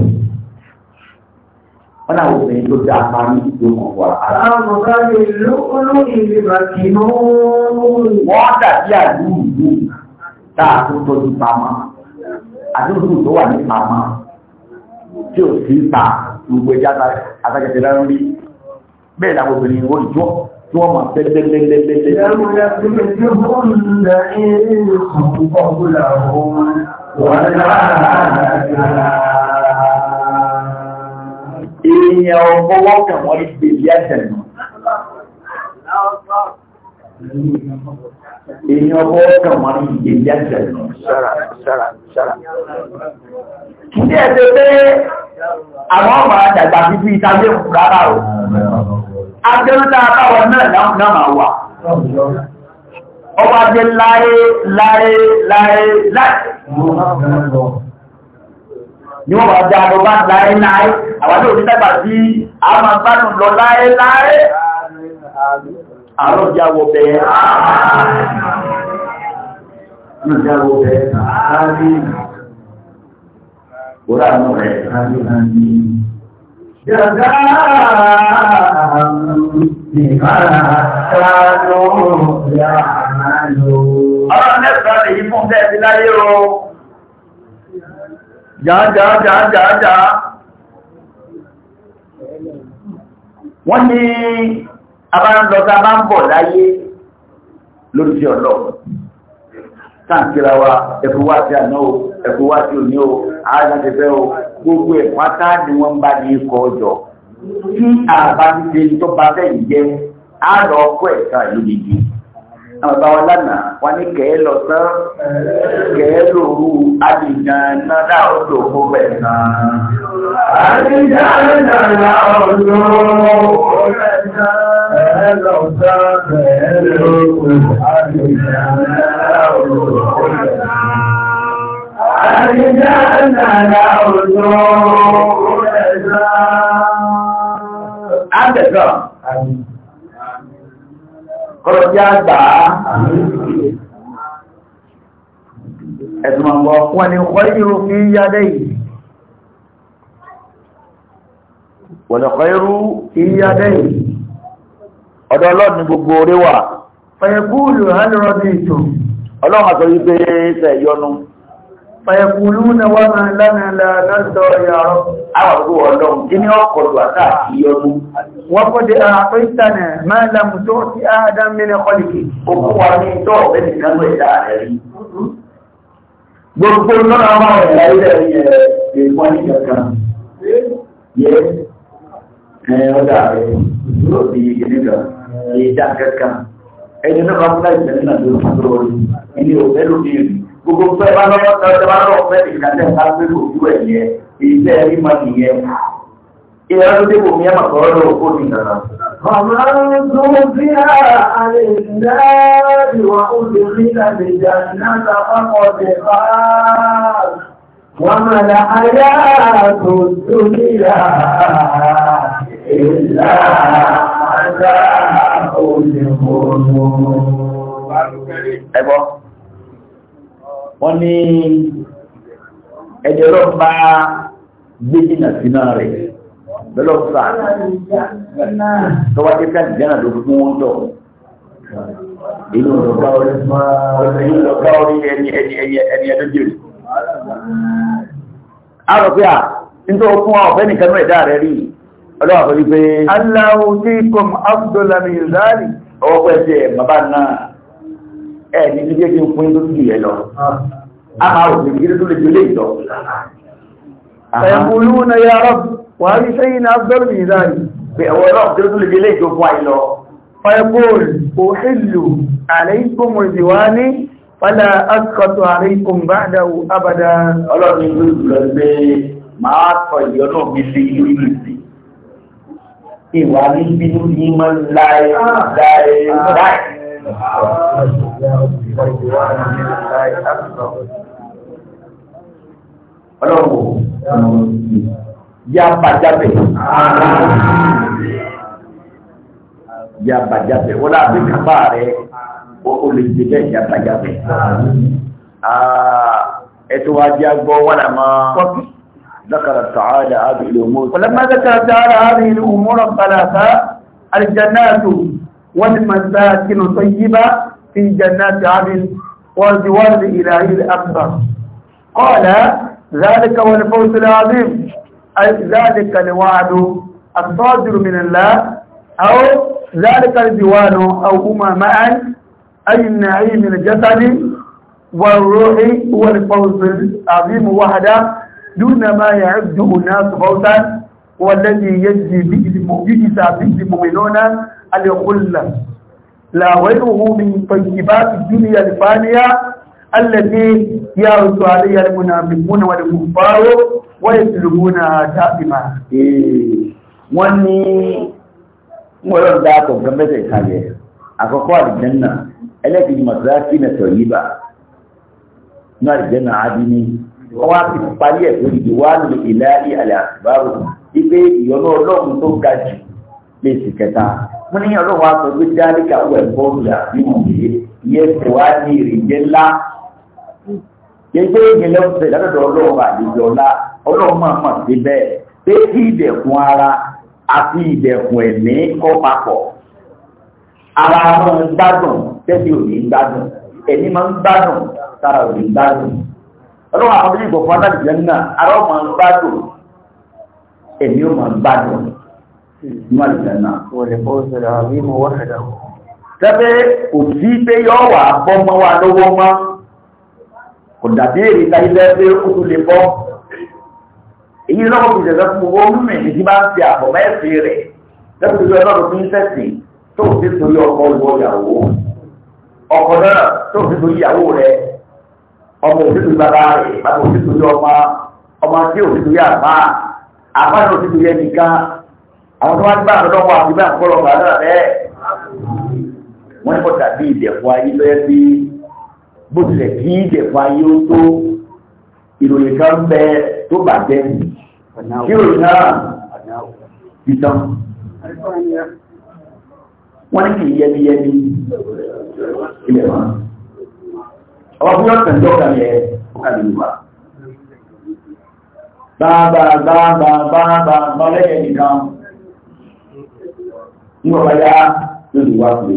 wọ́n náà tó dá apá ní ìdókàn wà ara. àwọn ọ̀gá lè lóòrò ìlú bàtìmọ́. wọ́n dàbí àdúgbò táà tó tó wà ní pamọ́ wọ́n máa fẹ́ Èèyàn ọgbọ́wọ́ kàn wọ́n rí bèbí àtẹ̀nà. Èèyàn ọgbọ́wọ́ kàn wọ́n rí bèbí àtẹ̀nà. Sára, sára, sára. Kí ní ẹ̀ṣẹ́ pé àwọn ọmọ àdàgbà fífí ìtàgé rárá o. Agbẹ́rúta àbáwọ̀ náà náà máa wà ọwọ́ adé láyé láyé láyé láyé ni wọ́n bá jẹ́ àdọ́ bá láyé láyé àwọn ní òdídàgbà sí àmà gbánù lọ láyé láyé àrùn ìyàwó bẹ̀ẹ́ àrùn ìyàwó bẹ̀ẹ́ àrùn ìyàwó bẹ̀ẹ́ àrùn ìyàwó bẹ̀ẹ́ Bìbá kánú yà máa lò. Ọ̀rọ̀ mẹ́ta lè yí fún bẹ́ẹ̀ sí láyé o. Jàájá, jàájá, jàá. Wọ́n ní abáńlọ́ta bá ń bọ̀ láyé lórí sí ọlọ́run káàkiri wa ẹ̀fúwá sí àná o ẹ̀fúwá sí òní o àádọ́tẹ̀fẹ́ o gbogbo ẹ̀fọ́ tá ni wọ́n bá ní ikọ̀ ọjọ́ tí àbá ti ṣe tó bá fẹ́ jẹ́ á lọ ọkọ̀ ẹ̀ka ìlú gidi àwọn bá wọn lánàá wọn ní kẹ́ẹ́ lọ tán kẹ́ẹ́ lòru àdìjàn náírà ọdọ gbogbo ẹ̀ tán. àdìjàn náírà ọdọ gbogbo ẹ̀ tán. kẹ́ẹ́ lọ tán kẹ́ẹ́ lòru àdìjàn náírà ọdọ gbogbo ẹ̀ tán. Àtẹ̀sọ́. Kọ́lọ̀já gbà á. Ẹ̀sùn ọ̀gbọ̀ wọn ni kọ́lù fi yádé yìí. Wọ̀nà kọ́lù fi yádé yìí. Ọ̀dọ̀ ọlọ́run ni gbogbo orí wà. Fẹ̀yẹ̀kúùlù hàn lọ́dún ìtò. Ọlọ́run àtọ́ yí pé ṣẹ̀yọnu fàyẹ̀kùnlúnà wà máa lánàá lọ́dọ̀ ìyàrọ̀. Àwọn ògbò ọlọ́run kí ní ọkọ̀lù àtàkì ọdún. Wọ́n kọ́ di àpẹ́sànà máa lámù tó sí Adam mẹ́rin kọlìkì, òkú wa ní tọ́ ọ̀bẹ́ni náà ẹ̀dà rẹ̀ rí. Gbogbo náà máa ẹ̀dà ilẹ̀ rẹ̀ wọ́n ní kankan. Yẹ́ ọ̀dà rẹ̀ yóò di ìgbìnìkan, ìdá kankan. Ẹni náà bá fún láì gbogbo pẹ́ bá lọ́wọ́ tọ́jú bá lọ́wọ́ pẹ́ nìkan tẹ̀ ká pé kò ju ẹ̀ yẹ èyí rí mọ nìyẹn. ìyá ló dé bòmí ẹ̀ mà sọ̀rọ̀ kó ní nana. Màmá tó bí a àlè dáàbì wà ó lè rí àlejò àná àpapọ̀dé fáà. Wọ́n máa la ayé àtò tó ní ìyá ìlà àdá òní òun. Ẹ̀gbọ́n wọ́n ní ẹ̀jẹ̀ lọ bá gbéjìnà sínú rẹ̀ lọ́lọ́ fà tọ́wọ́ tẹ́tà ìjánà ló fún wọn tọ̀ inú lọ́gbà orí inú lọ́gbà orí ẹni ẹni ẹni ẹni ẹni jìrì. a rọ̀ pé à nítorí fún ọ̀fẹ́ nìkan mẹ́ta rẹ̀ rí ọlọ́wà pẹ̀lú pé. aláwo ní kòm abdullahi zari ọwọ́ pẹ̀lú ẹ̀ ní ti jẹ́ kí n pín tó ti yẹ lọ. a máa rò pé kí tó lè gbélé ìjọ. ẹ̀kúlú na ya rọ̀ wà á rí sẹ́yìn náà bẹ́rù mi náà ni. ẹ̀wọ̀ náà tó lè gbélé ìjọ fún àìlọ. fayekóòlù òhèlù àlẹ́kùnmọ̀ ìdìwá ní ní والعدوان من الله أكبر ọlọ́wọ́ yá bàjábẹ̀ yá bàjábẹ̀ wọ́n láti kábà rẹ̀ ó lè jẹ́ bẹ́ẹ̀ yá bàjábẹ̀ ẹ̀tọ́ wa jẹ́ gbọ́ wọ́n là máa ذكر تعالى هذه الأمور ولما ذكر تعالى هذه الأمور والمساكن طيبة في جنات عدن والجوار الإلهي الأكبر قال ذلك هو الفوز العظيم أي ذلك الوعد الصادر من الله أو ذلك الديوان أو هما أمم معا أي النعيم الجسدي والروح هو الفوز العظيم وحده دون ما يعده الناس فوزا والذي يجزي به المؤمنون الخلة لا وجهه من طيبات الدنيا الفانية التي يرد عليها المنافقون والكفار ويسلبونها دائما wọ́n ní wọ́n dá kọ̀ gẹ́gẹ́ ìkàlẹ̀ àkọ́kọ́ àdìjẹ́nà ẹlẹ́gbẹ̀ẹ́ mọ̀sáàkì mẹ́tọ̀ yìí bá ní àdìjẹ́nà ádì ní wọ́n wá fi parí ẹ̀ lórí ìwádìí ìlàlẹ́ àlẹ́ àtìbárò wípé ìyọ́nú ọlọ́run tó ga léèsì kẹta mo ní ọlọ́wọ́ aṣọ pé dáríkà wẹ̀ bọ́ọ̀lù àbí wòye yẹ kó wá ní ìrìnjẹ ńlá gbẹgbẹ ìgbìlẹ̀ ọ̀sẹ̀ látọ̀dọ̀ ọlọ́wọ́ àdéjọ ńlá ọlọ́wọ́ máa mọ̀ sí bẹ́ẹ̀ pé kí ìdẹ̀kùn ara àti ìdẹ̀kùn ẹ̀mí kọ́ papọ̀ ara máa ń gbádùn tẹ́sí òní ń gbádùn ẹ̀mí máa ń gbádùn tara òní ń gbádùn ọlọ́wọ́ àwọn ọmọdé ìgbọ̀fọ́ والفوز العظيم وحده tẹ́fẹ́ òtí pé yọ́ wà bọ́ mọ́ wa lọ́wọ́ mọ́ kò dàbí èrè ta ilẹ̀ pé ó tún lè bọ́ èyí lọ́wọ́ fi ṣẹ̀ṣẹ̀ fún owó mímì ní ti bá ń fi àpọ̀ mẹ́sì rẹ̀ lẹ́kùn tó lọ́dọ̀ tó ń sẹ̀sìn tó fi torí ọkọ ìwọ ìyàwó ọkọ náà tó fi torí ìyàwó rẹ̀ ọmọ òfin torí bàbá rẹ̀ bàbá òfin torí ọmọ ọmọ àwọn tó wá gbà lọ́wọ́ àti bá àkọ́lọ́ gbà náà bẹ́ẹ̀. wọ́n ní kó tàbí ìdẹ̀fọ́ ayé lọ́yẹ́ sí bó tilẹ̀ kí ìdẹ̀fọ́ ayé ó tó ìròyìn kan bẹ tó bàjẹ́ kí ìròyìn náà ti tán. wọ́n ní kì í yẹbiyẹbi ilẹ̀ wọn. ọba fún yọ̀ọ̀tàn tó kàn yẹ ọkà lè wà. bá bá bá bá bá bá lẹ́yìn nìkan ní ọba yá lórí wá pé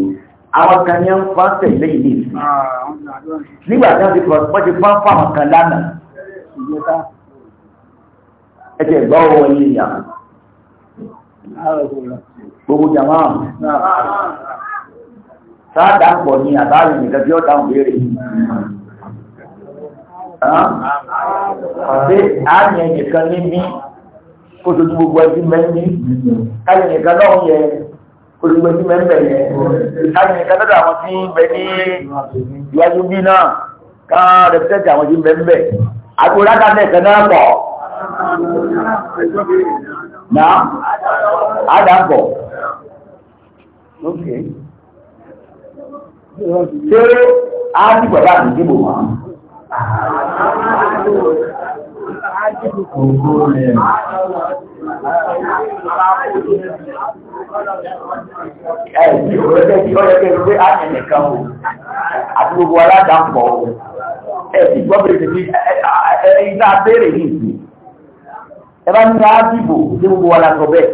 àwọn kan ní wọ́n fà tẹ̀lé ilé ìsìn nígbà tí wọ́n ti fọ́ wọ́n ti fọ́ fún àwọn kan lánàá ẹ̀jẹ̀ gbọ́ wọn yé yà gbogbo jàmá sáàdà ah, ah, ah. ń pọ̀ ní àbáyé nìkan tí ó dáhùn béèrè ṣe àmì ẹnìkan níbi kó tó tún gbogbo ẹbí mẹ́rin káyọ̀ nìkan náà yẹ olùgbé tí mẹ́ ń bẹ̀ yẹn ìsáyìn kẹ́tọ́dọ̀ àwọn tí ń bẹ ní ìwájú bí náà ká rẹpítẹ́tì àwọn tí ń bẹ ń bẹ̀ àgbòrá kan náà kẹ́tọ́ náà pọ̀ náà àdá pọ̀ ṣé á dìgbà bá àdìgbò wọn ògbó rẹ̀. Ẹ̀sìn òwúrẹ́dẹ́ tí ọ̀rẹ́dẹ́ pé àmì nìkan o, àti gbogbo aládàpọ̀ o. Ẹ̀sìn gbọ́bẹ̀rẹ̀ ti iná abẹ́rẹ̀ yìí sí. Ẹ bá ní àdìbò ní gbogbo wa lásọ bẹ́ẹ̀.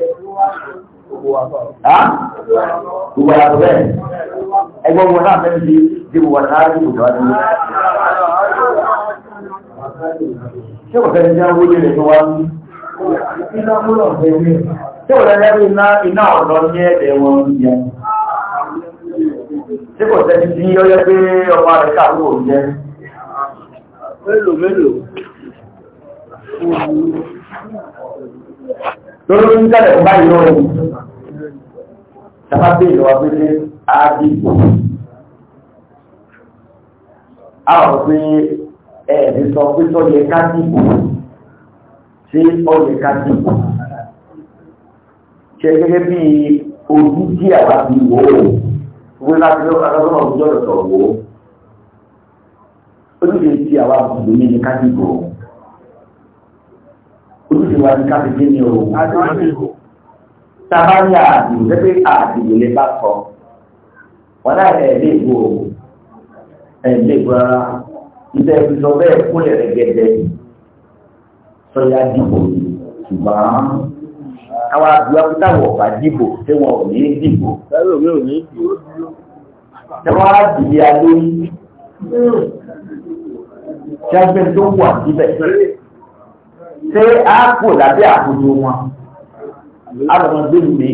Gbogbo wa lásọ bẹ́ẹ̀. Ẹgbọ́n wọn náà fẹ́ fi dìbò wà náà dìbò tó wá dúró ṣé kò jẹ́ owó lè tó wá ní iná múlọ̀ fẹ́ ní ṣé kò fẹ́ iná iná ọ̀dọ́ ní ẹ̀dẹ̀ wọn jẹ ṣé kò fẹ́ ti yọ́yẹ́ pé ọmọ rẹ̀ kàrú òun mélòó mélòó lórí ẹ̀ẹ́dì sọ pé sọ́yẹ ká dìbò ṣé ọ̀yẹ ká dìbò ṣe gẹ́gẹ́ bí ojú tí àwa fi wò ó wọ́n láti lọ́wọ́ akọ́kọ́ ọ̀gbọ́n ọ̀dọ̀ wò ó ojúṣe tí àwa mùsùlùmí ní ká dìbò ojúṣe wa ní ká fi dé ní o tábà ní àdìbò lẹ́gbẹ́ àdìbò lè bá sọ wọn láì ẹ̀ẹ́dẹ́gbò ẹ̀ẹ́dẹ́gbò rárá ìdá ẹbí sọ bẹ́ẹ̀ kúlẹ̀ rẹ̀ gẹ́gẹ́ sọ́yà dìbò ṣùgbọ́n àwọn àdúrà táwọn ọ̀bà dìbò tí wọn ò ní dìbò tẹ́wọ́n á dìbò alóyún tí a gbé tó wà síbẹ̀ ṣé a kò lábẹ́ àkójọ wọn alọ́mọdé mi.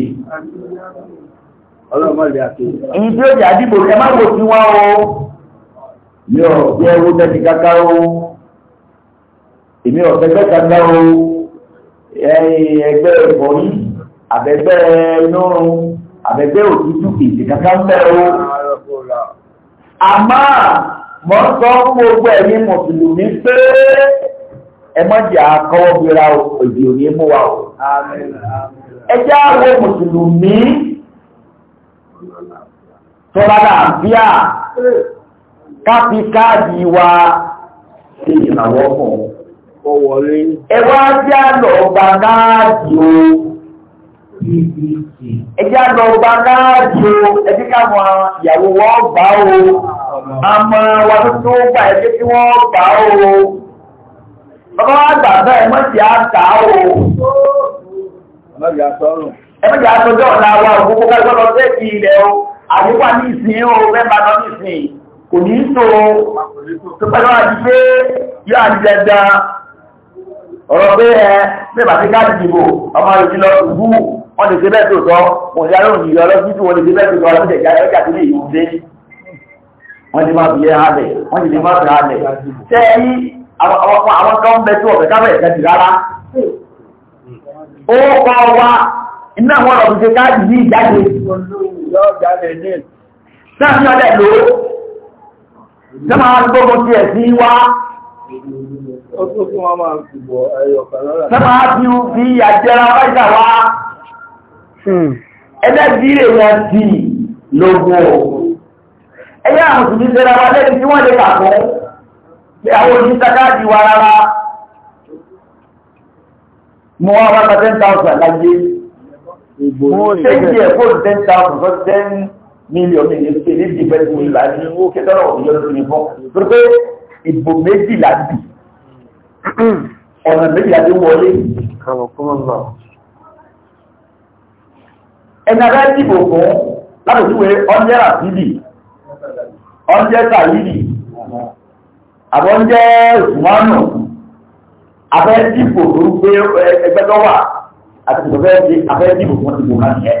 Ìdí òjì àdìbò ẹ má wo tiwọn o mi ò bí ẹwú tẹ́tí kaka o èmi ọ̀tẹ́gbẹ́ kaka o ẹgbẹ́ ẹ̀fọ́ yìí àbẹ̀gbẹ́ inúrun àbẹ̀gbẹ́ òtútù èdè kaka ń bẹ̀ o. àmọ́ mọ́ sọ gbogbo ẹ̀yin mùsùlùmí pé ẹ má jẹ́ àkọ́wọ́ gbéra òdì òní mú wa o. ẹ jẹ́ àwọn mùsùlùmí tọ́lá làbíà káfí káàdì wa ṣe ìrànwọ́ fún ọwọ́lé ẹwà tí a lọ gba káàdì o ẹjẹ́ a lọ gba káàdì o ẹjẹ́ káwọn ìyàwó wọ́n gbà o àmọ́ wa tó tó gbà ẹjẹ́ tí wọ́n gbà o bàbá wa gbà bẹ́ẹ̀ mọ́ sí àtà o ẹgbẹ́jà àtọ́jọ́ ọ̀la wa òkúkú kájọ́ lọ sí ilẹ̀ o àyíká ní ìsìn o mẹ́ta lọ ní ìsìn kò ní tó pẹ́lú àti pé yóò àti dẹ́dẹ́ ọ̀rọ̀ pé ẹ mẹ́bà tí káàdì dìbò ọmọ rẹ̀ ti lọ ìbú wọn lè ṣe bẹ́ẹ̀ tó tọ́ kò ní alóhùn ìyọ lọ́sí tí wọ́n lè ṣe bẹ́ẹ̀ tọ́ ọlọ́sí ẹ̀já ẹ̀já tó lè yìí dé wọ́n ti máa fi yẹ halẹ̀ wọ́n ti lè máa fi halẹ̀ ṣé ẹ ní àwọn kan ń bẹ tó ọ̀fẹ́ káfẹ́ ẹ̀kẹ́ ti rárá ó kọ́ wa iná àwọn ọ̀rọ̀ fi ṣe káàdì yìí jáde sáà ní ọlẹ́ lòó Jọ́mà gbogbo ti ẹ̀ sí wá. Ọdún tí wọ́n máa fi bọ̀ ẹyọ kan lọ́la. Jọ́mà fi fi àjẹrà báyìí wá. Ẹgbẹ́ ìdílé wọn ti lógún o. Ẹyẹ àwọn òṣèlú ìṣẹ́ra wa lẹ́ni tí wọ́n lè kà fún. Pé àwọn oníṣàkáàdì wa rárá. Mo wá wá ten thousand láyé. Mo ṣe ń jẹ́ fóònù ten thousand mílíọ̀nù yìí ṣe ní ìdíbẹ̀rẹ̀ fún ìlà ní owó kẹtọ́rọ̀ òjò lórí ní fún torí pé ìbò méjìlá bì ọ̀nà méjìlá tó wọlé. ẹni abẹ́ dìbò fún látòjúwe ọ̀njẹ́ àbídì ọ̀njẹ́ sàlídì àbọ̀njẹ́ ìsùnmọ́nù abẹ́ dìbò fún pé ẹgbẹ́ tó wà àti ìgbọ̀fẹ́ abẹ́ dìbò fún ìbò kan yẹn.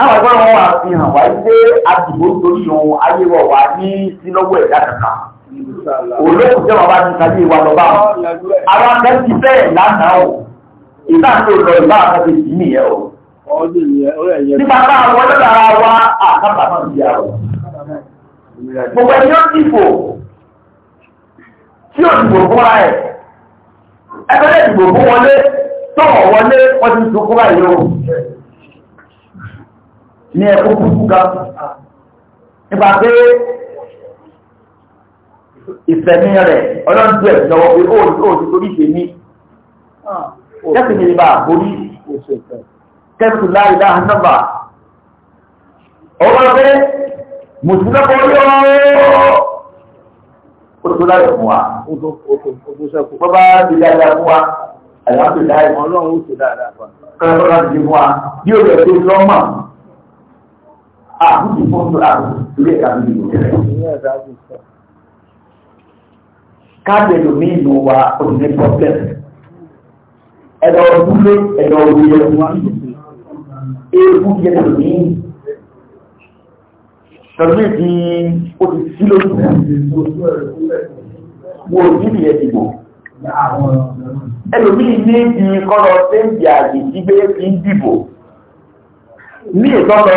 àwọn ẹgbẹ́ wọn wà fi hàn wáyé pé àdìbò torí ohun ayé wọ̀ wá ní sílọ́wọ́ ẹ̀dá kankan olókùn tí wọn bá ti kàdé ìwà lọ bá wọn àwọn akẹ́kì bẹ́ẹ̀ lánàá o ìgbà tó lọ ìgbà àkàtà ìdí nìyẹn o nípa bá àwọn ọlọ́dàra wa àkàtà náà ti yà o gbogbo ẹni ó dìbò tí ò dìbò fúnra ẹ̀ ẹgbẹ́ dìbò fún wọlé tó wọ̀ wọlé wọ́n ti dùn fúnra yìí o ní ẹkùn kúrú gan nípa pé ìfẹ̀mí rẹ̀ ọlọ́run tó ẹ̀ lọ́wọ́ pé ó ò ti torí ìfẹ̀mí kẹ́sì ní ìbá àbórí kẹ́sì láì dáhà nọ́mbà ọwọ́ pé mùsùlùmí borí ọ́ ó tó láyọ̀ fún wa bọ́ bá ti dáadáa fún wa àyàwó ti dáadáa ọlọ́run ó ti dáadáa fún wa kọ́lá tó láti di fún wa bí ó lè tó lọ́mọ àbújù fọ́tò àbújù ẹ̀ka bí ìlú rẹ̀. káàdì lómi ìlú wa ò ní problem ẹ̀dọ̀ ọdúnlé ẹ̀dọ̀ òwúyẹ wọn eégún yẹ lómi tọ́lú ìdí ó ti sí lórí wo ìdílé yẹn ti bò ẹlòmíì ní ìdí kọ́lọ́ séńjì àgbè gbígbé fi ń dìbò ní ìtọ́lọ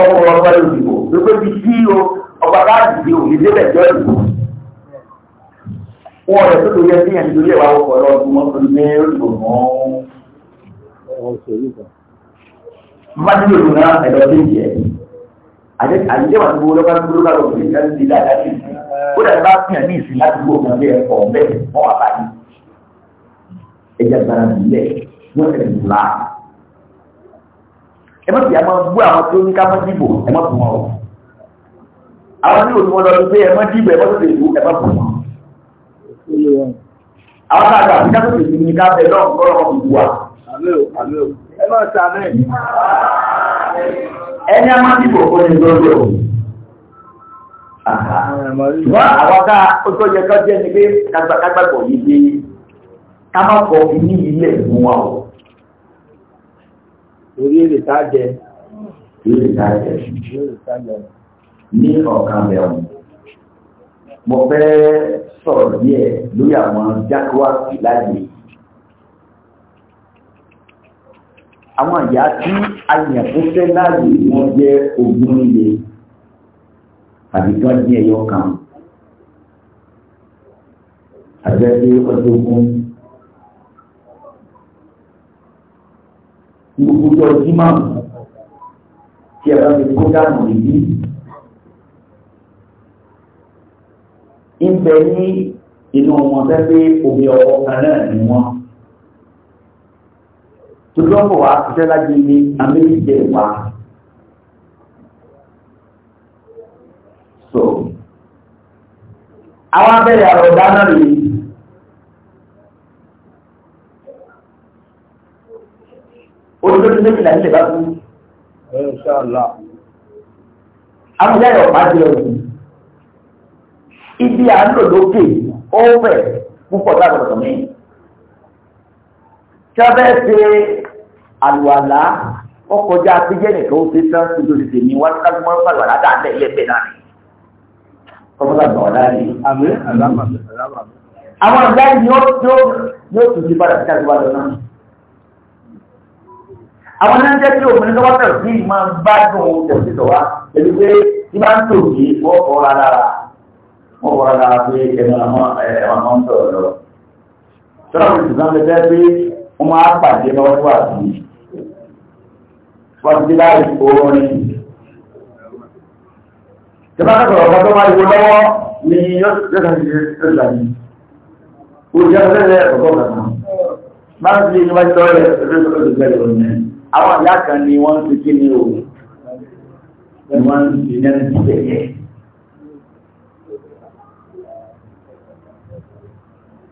ọkọ̀ ọba ìdìbò pípé bí sí o ọba bá dìde òní débẹ̀ jọ rẹ̀ tó tó yẹ sí ẹni tó lè wá ọkọ̀ lọ ọdún mọ́tò ní ìbò mọ́ májúlò ló náà ẹ̀dọ́ tó ń jẹ àdéjẹ́ wà gbogbo lọ́gbà gbogbo lọ́gbà ní gbogbo ọ̀gbà ẹ má ti àmọ́ bú àwọn tó ní ká má dìbò ẹ má bù wọn o àwọn tí òní wọn lọ sí pé ẹ má dìbò ẹ má tètè bú ẹ má bù àwọn tá a gbà sí kátó tètè ní ká bẹ lọ́wọ́ kọ́ lọ́wọ́ fi wà. ẹ má ta mẹ́. ẹni a má dìbò kó ní lọ́wọ́ o. ṣùgbọ́n àwọn tá a tó yẹ ká jẹ́ ni pé kágbàgbọ́ yìí dé ká má kọ́ ní ilé ìmú wa o torí èrè tá jẹ èrè tá jẹ ní ọ̀kan bẹ̀rù mo fẹ́ sọ̀rọ̀ díẹ̀ lórí àwọn jákèwàsì láàyè àwọn ìyá tí ayẹ̀fúnfẹ́ láàyè wọ́n jẹ́ ogún ilé tàbí tí wọ́n jẹ́ ẹyọ kan àjẹ́ pé ọdún ogún gbogbo tó ọjí máa mú tí ẹ̀rọ mi kó dànù nìyí. Ìbẹ̀ ní inú wọn fẹ́ pé omi ọwọ́ kan náà ni wọ́n. Tòlọ́pọ̀ wa ṣiṣẹ́ láti ní Amẹ́ríkà wa. So, àwọn abẹ́rẹ́ àrọ̀dá náà rèé. olùdókòwò méjìlá nílẹ̀ bá kú. amúdáyọ̀ má jẹ òkú ibi à ń lò lókè ó fẹ̀ púpọ̀ láàbọ̀tọ̀ mi. tí wọ́n bẹ́ẹ̀ ṣe àlùwàlá wọ́n kọjá abíjẹ́ nìkan ó ṣe tán tuntun ṣèṣe ní wọ́n ká mọ́ àlùwàlá dáadáa lẹ́gbẹ̀ẹ́ náà ni. kọ́mọ́tà gbọ̀n náà ni. àwọn ọ̀gá yìí ni ó tún ti padà sí àgbàdo náà àwọn náà ń jẹ́ kí òmìnir tó wá tẹ̀lé sí ìmọ̀ bá dùn tẹ̀sí tọ̀ wá pẹ̀lú pé tí bá ń tò yí wọ́n kọ́ ra lára wọ́n kọ́ ra lára pé ẹnu àwọn ọmọ ń sọ̀rọ̀ lọ. sọ́dọ̀ mi sì náà fẹ́ pé wọ́n máa pàdé lọ́wọ́ tó wà wọ́n ti dé láì orin. tí bá ọ̀gá tó máa yọ lọ́wọ́ ni yóò ṣe ṣe ṣe Olùjẹ́ ọ̀sẹ̀ rẹ̀ ọ̀gọ́ kan náà. Máa ń fi ìjọba ìtọ́rẹ̀ ẹ̀rọ ìgbẹ́lẹ̀ òní àwọn ìyá kan ni wọ́n ń ṣe kí ni o wọ́n ń ṣe náà ti bẹ̀yẹ.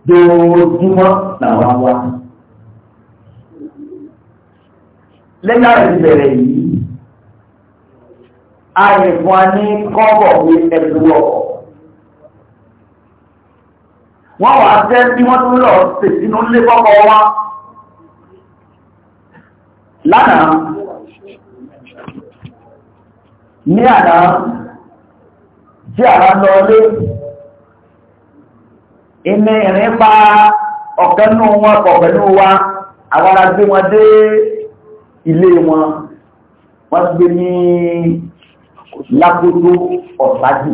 Dòòdúmọ́ làwọn wá. Lẹ́yìn àrẹ̀ ti bẹ̀rẹ̀ yìí, a lè fún wa ní kọ́bọ̀ pé ẹ̀dùn ọkọ̀. Wọ́n wá fẹ́ bí wọ́n tún lọ sèṣinú lé kọ́kọ́ wá lánàá ní àná tí àrá lọ lé inú ìrìn pa ọ̀kẹ́nú wọn pọ̀ pẹ̀lú wa àwọn ará gbé wọn dé ilé wọn wọ́n gbé ní lákòótó ọ̀sájì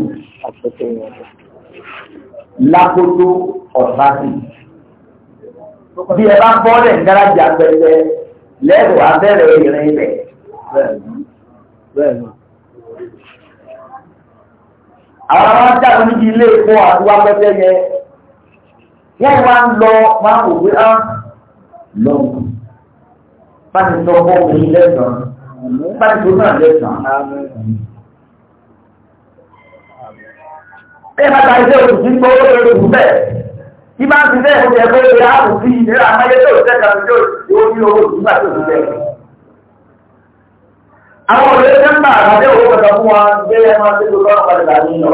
lákòótó ọ̀sájì bí ẹ bá bọ́ọ̀lẹ̀ ń dára jà pẹ̀lẹ́ lẹ́rù abẹ́rẹ́ ìrìn ilẹ̀. Àwọn ará ń dàrú níbi ilé ìfọ́ àtiwá pẹ́pẹ́ yẹ. Wọ́n wá ń lọ máa wò pé á ah, lọ́wọ́. Báni sọ fún mi lẹ́sàn-án. Báni sọ náà lẹ́sàn-án. Ẹ máa ta iṣẹ́ òtútù gbọ́ lórí òtútù bẹ́ẹ̀ tí bá ń ti bẹ́ẹ̀ oúnjẹ pé ṣe ààbò sí ìlera amáyé tó ṣe kàmí tó yóò ní owó nígbà tó ṣe bẹ́ẹ̀. àwọn òṣèré ṣe ń bá àgbàdé owó pẹ̀lú fún wa gbé ẹ máa ṣe tó lọ́rùn padà dà ní lọ.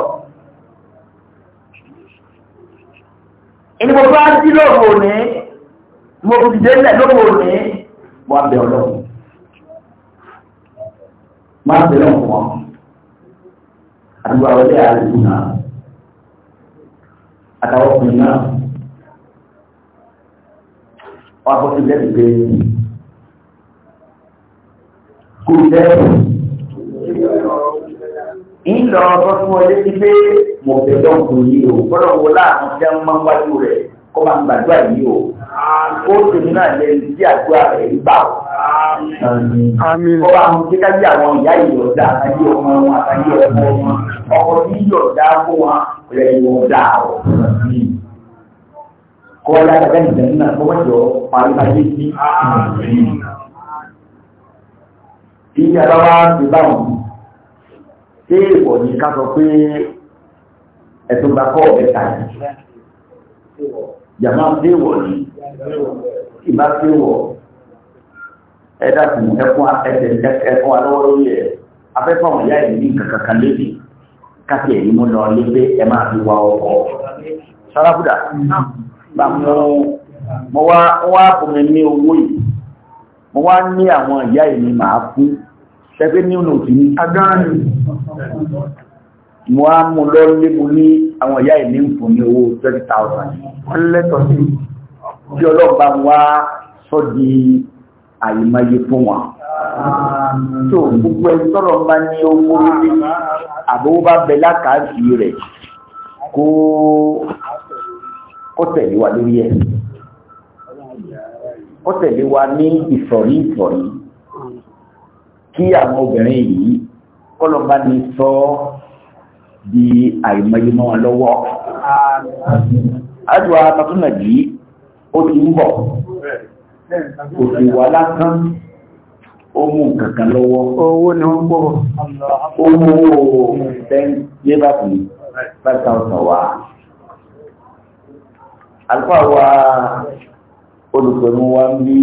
ìní mo bá dí lóòrùn òní mo kò dìde ńlẹ̀ lóòrùn òní mo á bẹ ọlọ́run máa bẹ lọ́rùn wọn àdúgbò àwọn ilé àlejò náà àtàwọn ọkùnrin náà wọ́n bọ́ sí lẹ́bi pé kò jẹ́ ìlọ ọgbọ́n tí wọ́n lé sí pé mo fẹ́ lọ́kùn yìí o gbọ́dọ̀ wo láàánú jẹ́ ń máa ń wájú rẹ̀ kó máa ń gbàdúrà yìí o ó tèmi náà lè sí àdúrà rẹ̀ gbà o. ọba àwọn kíkà bí àwọn ìyá ìyọ̀dá àtàyè ọmọ wọn àtàyè ọmọ ọkọ̀ tí yọ̀dá fún wọn rẹ̀ yọ̀dá o kowa ya ga gani da ina kuma jo ìyá bàbá ti bá wọn ṣé ìwọ ni ká sọ pé ẹ̀sùn bá kọ́ ọ̀bẹ yìí yàmá ṣé ìwọ ìbá ṣé ìwọ ẹ dàkún ẹkún ẹ̀ afẹ́fọ́ gbà mú mo wá wá fún mi ní owó yìí mo wá ní àwọn ìyá ìní màá fún ṣẹgbẹ́ ní ọ̀nà òtún ní agbáàrin mo wá mú lọ lé mo ní àwọn ìyá ìní ń fún ní owó twenty thousand wọ́n lẹ́tọ̀ọ́ sí tí ọlọ́ọ̀bá wá sọ́ di àyèmáyé fún wọn tó gbogbo ẹni tọ́lọ̀ bá ní owó lórí àbówó bá bẹ lákàáfì rẹ̀ kó kó tẹ̀lé wa lórí ẹ̀ kó tẹ̀lé wa ní ìsọ̀rí ìsọ̀rí kí àwọn obìnrin yìí kọ́lọ́ba ní sọ di àìmọye mọ́ wọn lọ́wọ́ àdùá tọ́túnà yìí ó ti ń bọ̀ kò sì wà lásán ó mú kankan lọ́wọ́ owó ni wọ́n gbọ́ ó mú owó ten yébà five thousand wá àlùfáà wa olùpẹ̀rù wa ń bí